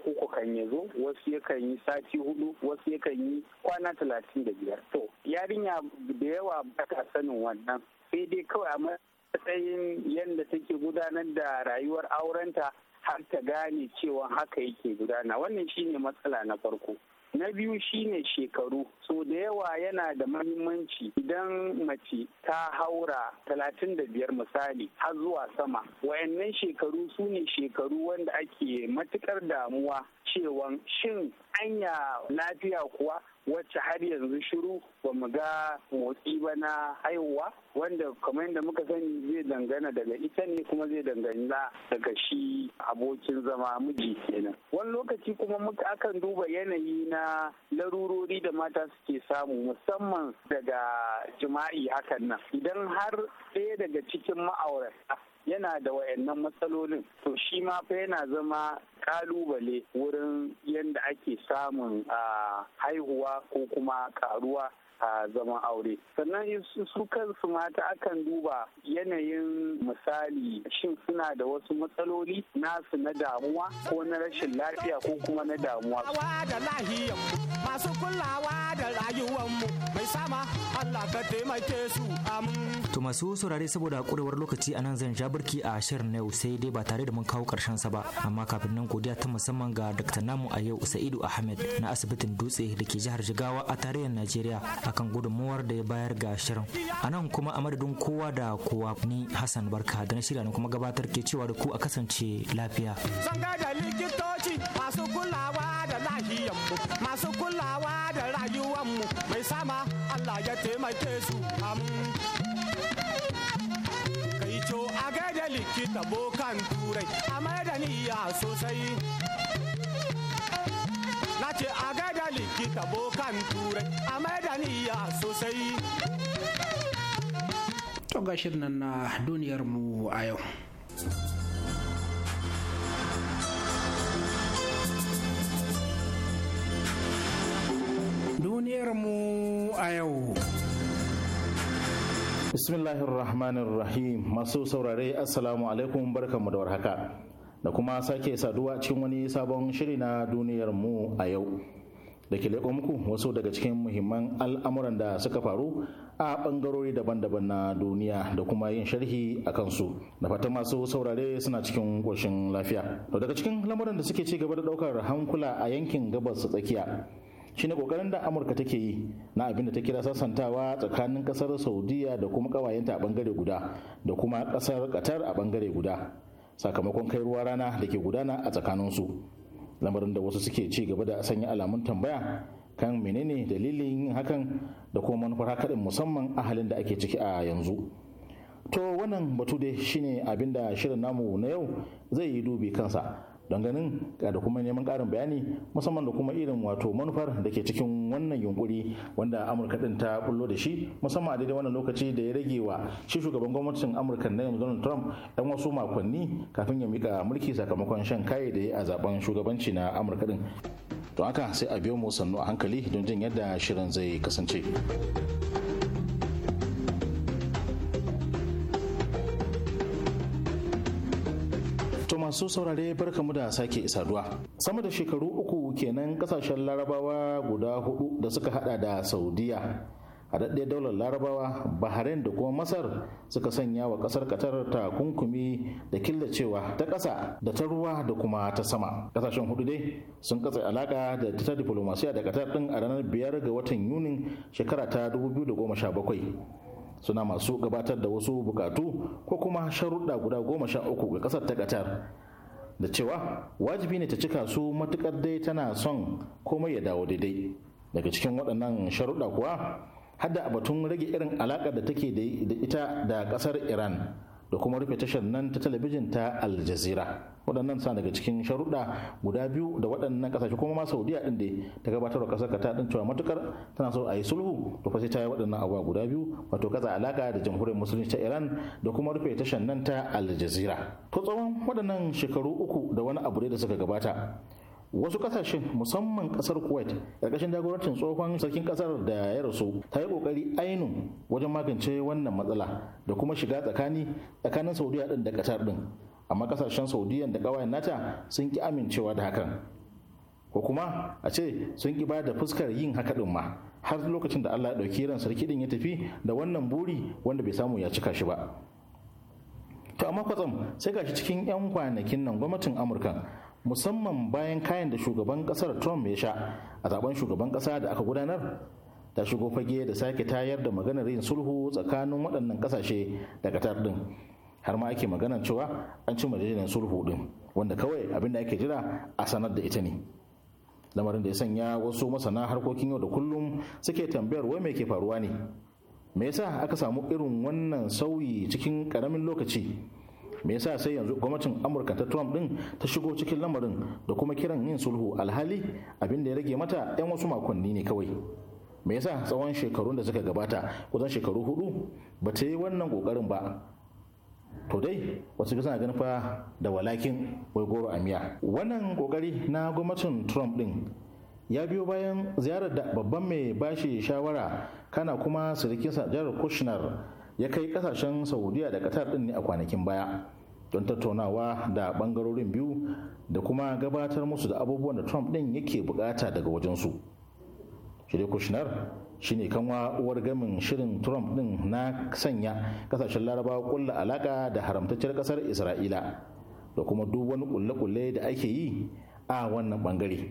uku kan ya zo wasu yakan yi sati hudu wasu yakan yi kwana talatin da biyar to yarinya da yawa ba ta sanin wannan sai dai kawai a matsayin yadda take gudanar da rayuwar aurenta har ta gane cewa haka yake gudana wannan shine matsala na farko na biyu shine shekaru so da yawa yana da mahimmanci idan mace ta haura talatin da biyar misali har zuwa sama wayannan shekaru su ne shekaru wanda ake matukar damuwa cewan shin anya lafiya kuwa wacce har yanzu shiru ba mu ga motsi ba na haihuwa wanda kamar yadda muka sani zai dangana daga ita ne kuma zai dangana daga shi abokin zama miji kenan wani lokaci kuma muka akan duba yanayi na larurori da mata suke samu musamman daga jima'i hakan nan idan har ɗaya daga cikin ma'aurata yana da wayannan matsalolin to shi ma fa yana zama kalubale wurin yadda ake samun ah, haihuwa ko kuma karuwa a zaman aure sannan su kansu mata akan duba yanayin misali shin suna da wasu matsaloli nasu na damuwa ko na rashin lafiya ko kuma na damuwa masu kulawa da rayuwanmu mai sama Allah ka taimake su to masu saurare saboda kurewar lokaci a nan zan ja birki a shirin na yau sai dai ba tare da mun kawo karshen sa ba amma kafin nan godiya ta musamman ga Dr. Namu a yau Sa'idu Ahmed na asibitin Dutse da ke jihar Jigawa a tarayyar Najeriya akan gudunmuwar da ya bayar ga shirin a nan kuma a madadin kowa da kowa ni hassan barka da na shirya na kuma gabatar ke cewa da ku a kasance lafiya zan likitoci masu kulawa da lahiyanmu masu kulawa da rayuwanmu mai sama allah ya taimake su kai co a gaida likita bokan turai a madaniya sosai na ce a gaida da bokan turai a maidaniya sosai to ga nan na duniyarmu a yau duniyarmu a yau bismillahir rahmanir rahim masu saurare assalamu alaikum barkanmu da warhaka da kuma sake saduwa cikin wani sabon shiri na duniyar mu a yau da ke leƙo muku wasu daga cikin muhimman al'amuran da suka faru a ɓangarori daban-daban na duniya da kuma yin sharhi a kansu da fatan masu saurare suna cikin ƙoshin lafiya to daga cikin lamuran da suke ci gaba da ɗaukar hankula a yankin gabas tsakiya shine ƙoƙarin da amurka take yi na abin da ta kira sassantawa tsakanin ƙasar saudiya da kuma kawayenta a bangare guda da kuma ƙasar qatar a bangare guda sakamakon kai ruwa rana da ke gudana a tsakaninsu lamarin da wasu suke ci gaba da sanya alamun tambaya kan menene dalilin yin hakan da kuma manufar hakaɗin musamman a halin da ake ciki a yanzu to wannan batu dai shine abinda shirin namu na yau zai yi dubi kansa don ganin da kuma neman karin bayani musamman da kuma irin wato manufar da ke cikin wannan yunkuri wanda amurka din ta bullo da shi musamman a daidai wannan lokaci da ya rage wa shi shugaban gwamnatin amurka na yanzu donald trump yan wasu makonni kafin ya mika mulki sakamakon shan kaye da ya a zaben shugabanci na amurka din to haka sai a biyo mu sannu a hankali don jin yadda shirin zai kasance. masu saurare barkamu da sake saduwa. Sama da shekaru uku kenan kasashen larabawa guda hudu da suka hada da Saudiya. haɗaɗɗiyar daular larabawa bahrain da kuma masar suka sanya wa ƙasar ta kunkumi da killacewa ta ƙasa da ta ruwa da kuma ta sama ƙasashen hudu dai sun katse alaƙa da ta diplomasiya da qatar ɗin a ranar biyar ga watan yunin shekara ta 2017 suna masu gabatar da wasu bukatu ko kuma sharuɗa guda goma sha uku ga ƙasar ta ƙatar. da cewa wajibi ne ta cika su matukar dai tana son komai ya dawo daidai daga cikin waɗannan sharuɗa kuwa hada batun rage irin alaƙar da take da ita da ƙasar iran da kuma rufe tashar nan ta talabijin ta al jazeera waɗannan sa daga cikin sharuɗa guda biyu da waɗannan ƙasashe kuma ma saudiya ɗin da ta gabatar da ƙasar ta ɗin cewa matukar tana so a yi sulhu to fa sai ta yi waɗannan abubuwa guda biyu wato katsa alaka da jamhuriyar musulunci ta iran da kuma rufe tashar nan ta al jazeera to tsawon waɗannan shekaru uku da wani abu da suka gabata wasu kasashen musamman kasar kuwait ƙarƙashin jagorancin tsohon sarkin kasar da ya rasu ta yi kokari ainun wajen magance wannan matsala da kuma shiga tsakani tsakanin saudiya din da kasar din amma kasashen saudiyan da ƙawayen nata sun ki amincewa da hakan ko kuma a ce sun ki bada fuskar yin haka din ma har lokacin da allah ya ɗauki ran sarki din ya tafi da wannan buri wanda bai samu ya cika shi ba to amma kwatsam sai gashi cikin 'yan kwanakin nan gwamnatin amurka musamman bayan kayan da shugaban kasar trump ya sha a zaben shugaban kasa da aka gudanar ta shigo fage da sake tayar da maganar yin sulhu tsakanin waɗannan ƙasashe da katar ɗin har ma ake maganar cewa an ci majalilin sulhu ɗin wanda kawai abin da ake jira a sanar da ita ne lamarin da ya sanya wasu masana harkokin yau da kullum suke tambayar wai me ke faruwa ne me yasa aka samu irin wannan sauyi cikin ƙaramin lokaci me yasa sai yanzu gwamnatin amurka ta trump din ta shigo cikin lamarin da kuma kiran yin sulhu alhali abin da ya rage mata 'yan wasu makonni ne kawai me yasa tsawon shekarun da suka gabata kusan shekaru hudu ba ta yi wannan kokarin ba to dai wasu suna ganin fa da walakin wai goro a miya wannan kokari na gwamnatin trump din ya biyo bayan ziyarar da babban mai bashi shawara kana kuma sirikinsa jarar kushner ya kai kasashen saudiya da qatar din ne a kwanakin baya don tattaunawa da bangarorin biyu da kuma gabatar musu da abubuwan da trump din yake bukata daga wajensu shirya kushner shine kanwa uwar gamin shirin trump din na sanya kasashen larabawa kulla alaka da haramtacciyar kasar isra'ila da kuma duk wani kulle-kulle da ake yi a wannan bangare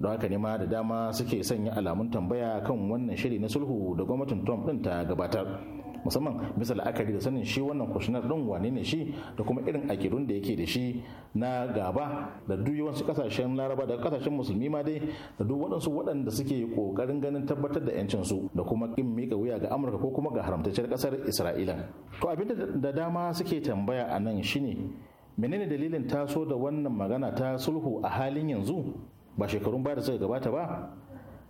don haka ne ma da dama suke sanya alamun tambaya kan wannan shiri na sulhu da gwamnatin trump din ta gabatar musamman bisa la'akari da sanin shi wannan kwashinar din wane ne shi da kuma irin akidun da yake da shi na gaba da duk wasu kasashen laraba da kasashen musulmi ma dai da duk waɗansu waɗanda suke ƙoƙarin ganin tabbatar da 'yancin su da kuma ƙin mika wuya ga amurka ko kuma ga haramtacciyar ƙasar isra'ila to abinda da dama suke tambaya a nan shine menene dalilin taso da wannan magana ta sulhu a halin yanzu ba shekarun baya da suka gabata ba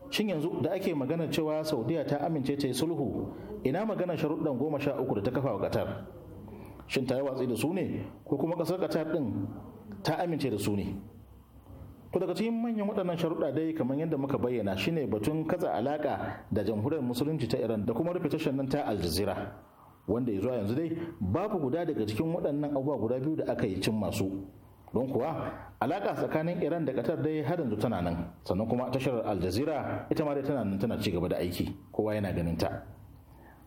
shin yanzu da ake magana cewa saudiya ta amince ta yi sulhu ina magana sharuɗan goma sha uku da ta kafa wa qatar shin ta yi watsi da su ne ko kuma ƙasar qatar ɗin ta amince da su ne to daga cikin manyan waɗannan sharuɗa dai kamar yadda muka bayyana shine batun katsa alaƙa da jamhuriyar musulunci ta iran da kuma rufe tashar nan ta aljazira wanda ya zuwa yanzu dai babu guda daga cikin waɗannan abubuwa guda biyu da aka yi cin masu don kuwa alaƙa tsakanin iran da qatar dai har yanzu tana nan sannan kuma tashar aljazira ita ma dai tana nan tana ci gaba da aiki kowa yana ganin ta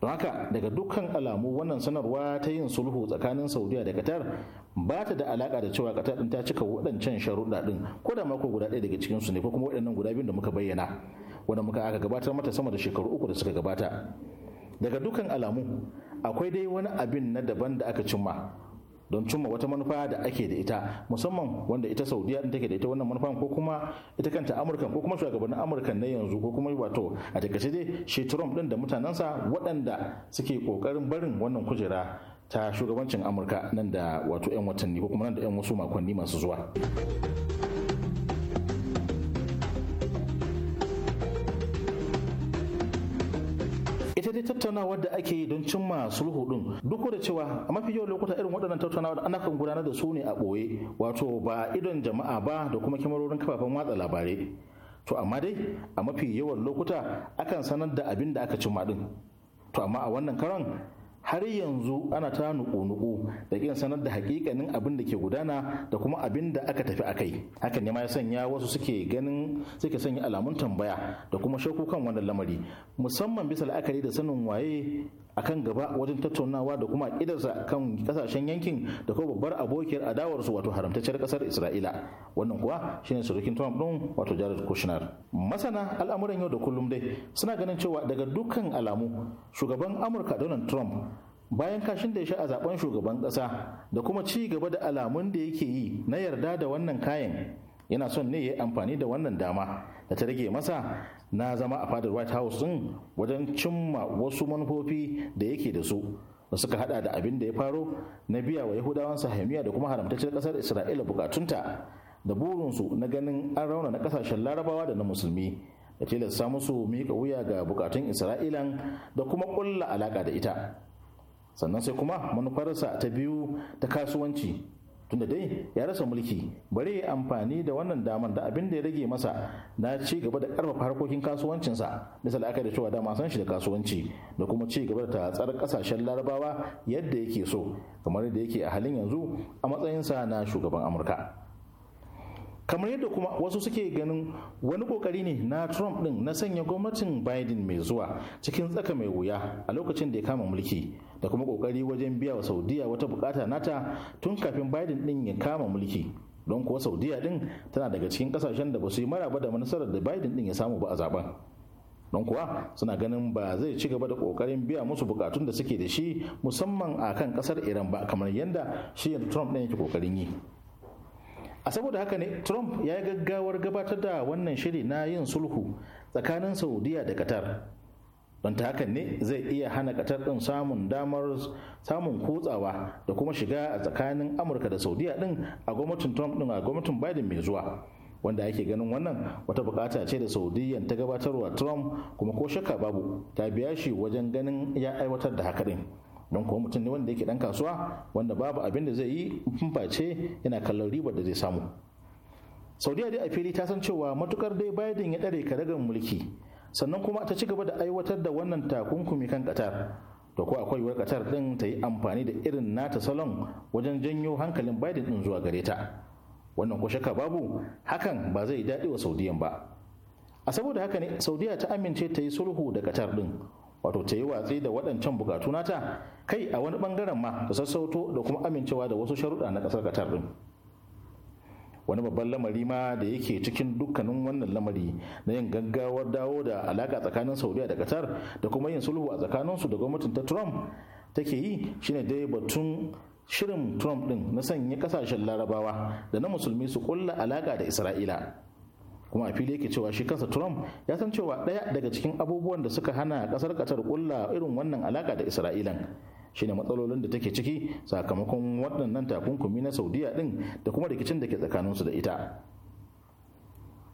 don haka daga dukkan alamu wannan sanarwa ta yin sulhu tsakanin saudiya da qatar ba ta da alaka da cewa qatar din ta cika waɗancan sharuɗa din ko da mako guda ɗaya daga cikin su ne ko kuma waɗannan guda biyun da muka bayyana wanda muka aka gabatar mata sama da shekaru uku da suka gabata daga dukkan alamu akwai dai wani abin na daban da aka cimma don cimma wata manufa da ake da ita musamman wanda ita saudiya din take da ita wannan manufa ko kuma ita kanta amurka ko kuma shugabannin amurka na yanzu ko kuma wato a takaice dai shi trump din da mutanensa waɗanda suke kokarin barin wannan kujera ta shugabancin amurka nan da wato 'yan watanni ko kuma nan da 'yan wasu makonni masu zuwa ita dai tattaunawa da ake yi don cimma sulhu din duk da cewa a mafi yawan lokuta irin waɗannan tattaunawa da ana kan gudanar da su ne a ɓoye wato ba idon jama'a ba da kuma kyamarorin kafafen watsa labarai to amma dai a mafi yawan lokuta akan sanar da abin da aka cimma din to amma a wannan karon har yanzu ana ta nuku-nuku da kin sanar da hakikanin abin da ke gudana da kuma abin da aka tafi a kai hakan ne ma ya sanya wasu suke ganin suke sanya alamun tambaya da kuma shakku kan wannan lamari musamman bisa la'akari da sanin waye a kan gaba wajen tattaunawa da kuma kidarsa kan kasashen yankin da kuma babbar abokiyar adawarsu wato haramtacciyar kasar isra'ila wannan kuwa shine surukin trump ɗin wato jared kushner masana al'amuran yau da kullum dai suna ganin cewa daga dukkan alamu shugaban amurka donald trump bayan kashin da ya sha a zaben shugaban kasa da kuma ci gaba da alamun da yake yi na yarda da wannan kayan yana son ne ya yi amfani da wannan dama da ta rage masa na zama a fadar white house din wajen cimma wasu manufofi da yake da su da suka hada da abin da ya faro na biya wa yahudawan sahamiya da kuma haramtacciyar kasar isra'ila bukatunta da burinsu na ganin an rauna na kasashen larabawa da na musulmi da tilasta musu mika wuya ga bukatun isra'ilan da kuma ƙulla alaka da ita sannan sai kuma manufarsa ta biyu ta kasuwanci tunda dai ya rasa mulki bari ya amfani da wannan damar da abin da ya rage masa na ci gaba da karfafa harkokin kasuwancinsa misali aka da cewa dama san shi da kasuwanci da kuma ci gaba da tatsar kasashen larabawa yadda yake so kamar da yake a halin yanzu a matsayinsa na shugaban amurka kamar yadda kuma wasu suke ganin wani kokari ne na trump din na sanya gwamnatin biden mai zuwa cikin tsaka mai wuya a lokacin da ya kama mulki da kuma kokari wajen biya wa saudiya wata bukata nata tun kafin biden din ya kama mulki don kuwa saudiya din tana daga cikin kasashen da ba su yi maraba da manasarar da biden din ya samu ba a zaben don kuwa suna ganin ba zai ci gaba da kokarin biya musu bukatun da suke da shi musamman a kan kasar iran ba kamar yadda shi trump ɗin yake kokarin yi a saboda haka ne trump ya yi gaggawar gabatar da wannan shiri na yin sulhu tsakanin saudiya da qatar don ta hakan ne zai iya hana qatar din samun damar samun kutsawa da kuma shiga a tsakanin amurka da saudiya din a gwamnatin trump din a gwamnatin biden mai zuwa wanda ake ganin wannan wata bukata ce da saudiyyan ta gabatarwa trump kuma ko shakka babu ta biya shi wajen ganin ya aiwatar da haka din don kuma mutum ne wanda yake dan kasuwa wanda babu abin da zai yi face yana kallon ribar da zai samu saudiya dai a fili ta san cewa matukar dai biden ya dare karagar mulki sannan kuma ta ci gaba da aiwatar da wannan takunkumi kan qatar da ko akwai yiwuwar qatar din ta yi amfani da irin nata salon wajen janyo hankalin biden din zuwa gare ta wannan ko shakka babu hakan ba zai daɗi wa saudiyan ba a saboda haka ne saudiya ta amince ta yi sulhu da qatar din wato ta yi watsi da waɗancan bukatu nata kai a wani bangaren ma da sassauto da kuma amincewa da wasu sharuɗa na ƙasar Qatar ɗin wani babban lamari ma da yake cikin dukkanin wannan lamari na yin gaggawar dawo da alaka tsakanin saudiya da qatar da kuma yin sulhu a tsakaninsu da gwamnatin ta trump take yi shine dai batun shirin trump din na sanya kasashen larabawa da na musulmi su kulla alaka da isra'ila kuma a fili yake cewa shi kansa trump ya san cewa ɗaya daga cikin abubuwan da suka hana ƙasar qatar kulla irin wannan alaka da isra'ilan shine matsalolin da take ciki sakamakon waɗannan takunkumi na saudiya ɗin da kuma rikicin da ke tsakaninsu da ita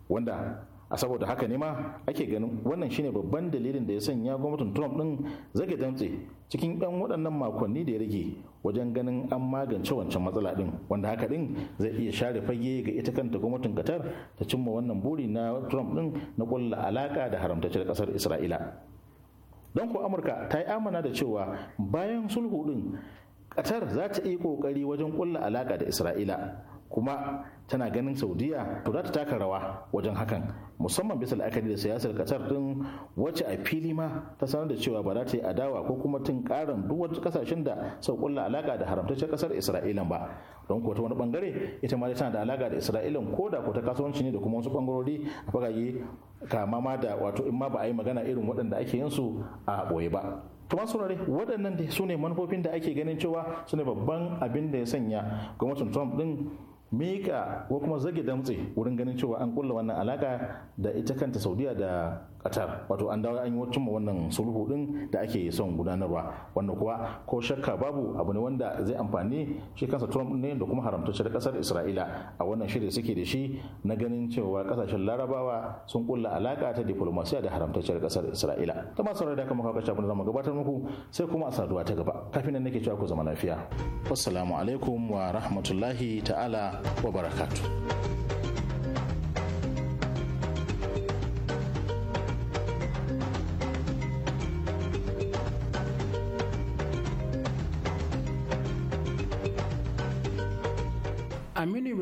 wanda a saboda haka ne ma ake ganin wannan shine babban dalilin da ya sanya gwamnatin trump ɗin zage dantse cikin 'yan waɗannan makonni da ya rage wajen ganin an magance wancan matsala din wanda haka din zai iya share fage ga ita kanta gwamnatin qatar ta cimma wannan buri na trump din na kulla alaka da haramtacciyar kasar isra'ila don ko amurka ta yi amana da cewa bayan sulhu din qatar za ta yi kokari wajen kulla alaka da isra'ila kuma tana ganin saudiya to za ta taka rawa wajen hakan musamman bisa la'akari da siyasar kasar din wacce a fili ma ta sanar da cewa ba za ta yi adawa ko kuma tun karin duk wasu kasashen da sau kulla alaka da haramtaccen kasar isra'ila ba don ko ta wani bangare ita ma tana da alaka da isra'ila ko da ko ta kasuwanci ne da kuma wasu bangarori a fagage kama ma da wato in ma ba a yi magana irin waɗanda ake yin su a ɓoye ba kuma saurare waɗannan su ne manufofin da ake ganin cewa su ne babban abin da ya sanya gwamnatin trump din mika ko kuma zage damtse wurin ganin cewa an kulla wannan alaka da ita kanta saudiya da qatar wato an dawo an yi wacce wannan sulhu din da ake son gudanarwa wanda kuwa ko shakka babu abu ne wanda zai amfani shi kansa trump ne da kuma haramtacciyar kasar isra'ila a wannan shirya suke da shi na ganin cewa kasashen larabawa sun kulla alaka ta diplomasiya da haramtacciyar kasar isra'ila ta masu da aka kawo kashe abinda zama gabatar muku sai kuma a saduwa ta gaba kafin nan nake cewa ku zama lafiya wassalamu alaikum wa rahmatullahi ta'ala wa barakatu.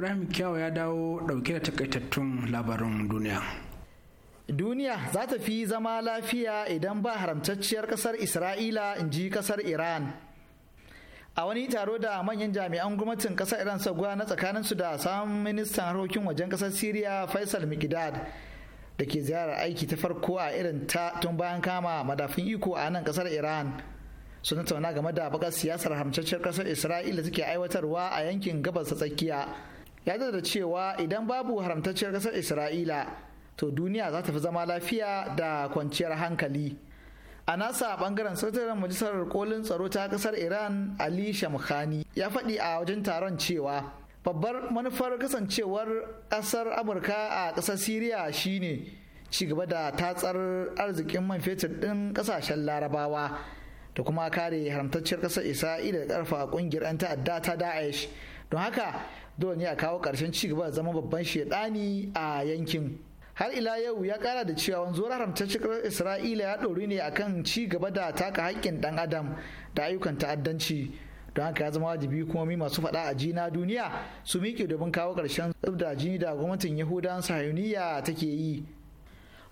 ibrahim kyawu ya dawo dauke da takaitattun labarin duniya duniya za ta fi zama lafiya idan ba haramtacciyar kasar isra'ila in ji kasar iran a wani taro da manyan jami'an gwamnatin kasar iran sagwa na tsakaninsu da samun ministan harkokin wajen kasar siriya faisal mikdad da ke ziyarar aiki ta farko a irin ta tun bayan kama madafin iko a nan kasar iran sun tattauna game da bakar siyasar haramtacciyar kasar isra'ila suke aiwatarwa a yankin gabas ta tsakiya ya da cewa idan babu haramtacciyar ƙasar isra'ila to duniya za ta fi zama lafiya da kwanciyar hankali a nasa bangaren sakataren majalisar kolin tsaro ta kasar iran ali shamkhani ya faɗi a wajen taron cewa babbar manufar kasancewar ƙasar amurka a ƙasar siriya shine gaba da tatsar arzikin man fetur ɗin ƙasashen larabawa da kuma kare haramtacciyar ƙasar isra'ila da ƙarfa ƙungiyar 'yan ta'adda ta Da'ish don haka dole ne a kawo karshen ci gaba da zama babban shaidani a yankin har ila yau ya kara da cewa wanzuwar haramtacciyar isra'ila ya ɗori ne akan ci gaba da taka haƙƙin ɗan adam da ayyukan ta'addanci don haka ya zama wajibi hukumomi masu faɗa a jina duniya su miƙe domin kawo ƙarshen da jini da gwamnatin yahudan sahiyuniya take yi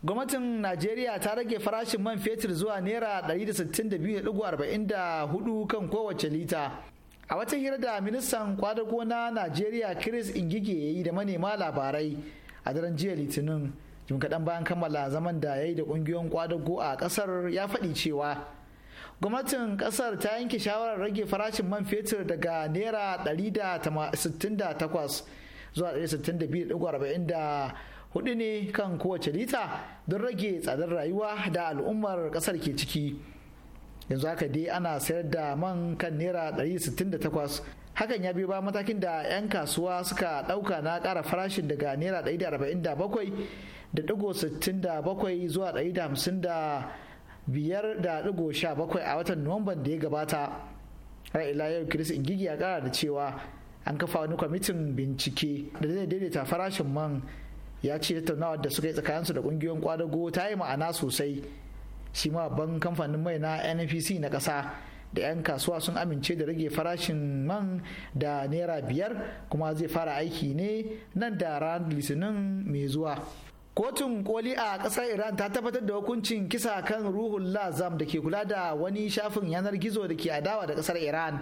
gwamnatin najeriya ta rage farashin man fetur zuwa naira 162.44 kan kowace lita a wata hira da ministan kwadago na najeriya chris ingige ya yi da manema labarai a daren jiya litinin jim kaɗan bayan kammala zaman da ya yi da ƙungiyoyin kwadago a ƙasar ya faɗi cewa gwamnatin ƙasar ta yanke shawarar rage farashin man fetur daga naira 168 zuwa 162.44 ne kan kowace lita don rage tsadar rayuwa da al'ummar ƙasar ke ciki. yanzu haka dai ana sayar da man kan naira 168 hakan ya biyo ba matakin da 'yan kasuwa suka ɗauka na ƙara farashin daga naira 147 da ɗigo 67 zuwa 155.17 a watan nuwamban da ya gabata ra'ila yau kiris ingigi ya kara da cewa an kafa wani kwamitin bincike da zai daidaita farashin man ya ce tattaunawar da suka yi tsakaninsu da ƙungiyoyin kwadago ta yi ma'ana sosai shi ma babban kamfanin mai na npc na kasa da 'yan kasuwa sun amince da rage farashin man da naira biyar kuma zai fara aiki ne nan da ran litinin mai zuwa kotun koli a kasar iran ta tabbatar da hukuncin kisa kan ruhun lazam da ke kula da wani shafin yanar gizo da ke adawa da kasar iran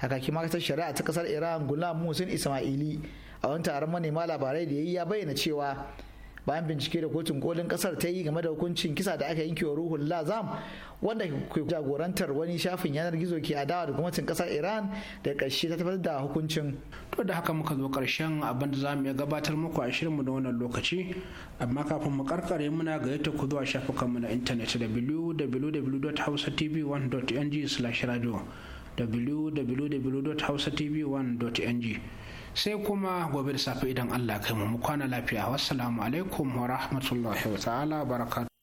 hakaki makasar shari'a ta kasar iran gulam musin ismaili a wani taron manema labarai da ya yi ya bayyana cewa bayan bincike da kotun kolin kasar ta yi game da hukuncin kisa da aka yanke wa ruhun lazam wanda ke jagorantar wani shafin yanar gizo ke adawa da gwamnatin kasar iran da karshe ta tabbatar da hukuncin to da haka muka zo karshen abin da za mu iya gabatar muku a shirinmu na wannan lokaci amma kafin mu karkare muna gayyata ku zuwa shafukanmu na intanet www.hausatv1.ng/radio www.hausatv1.ng sai kuma gobe da safe idan Allah kai mu kwana lafiya wassalamu alaikum wa rahmatullahi wa ta'ala barakatuh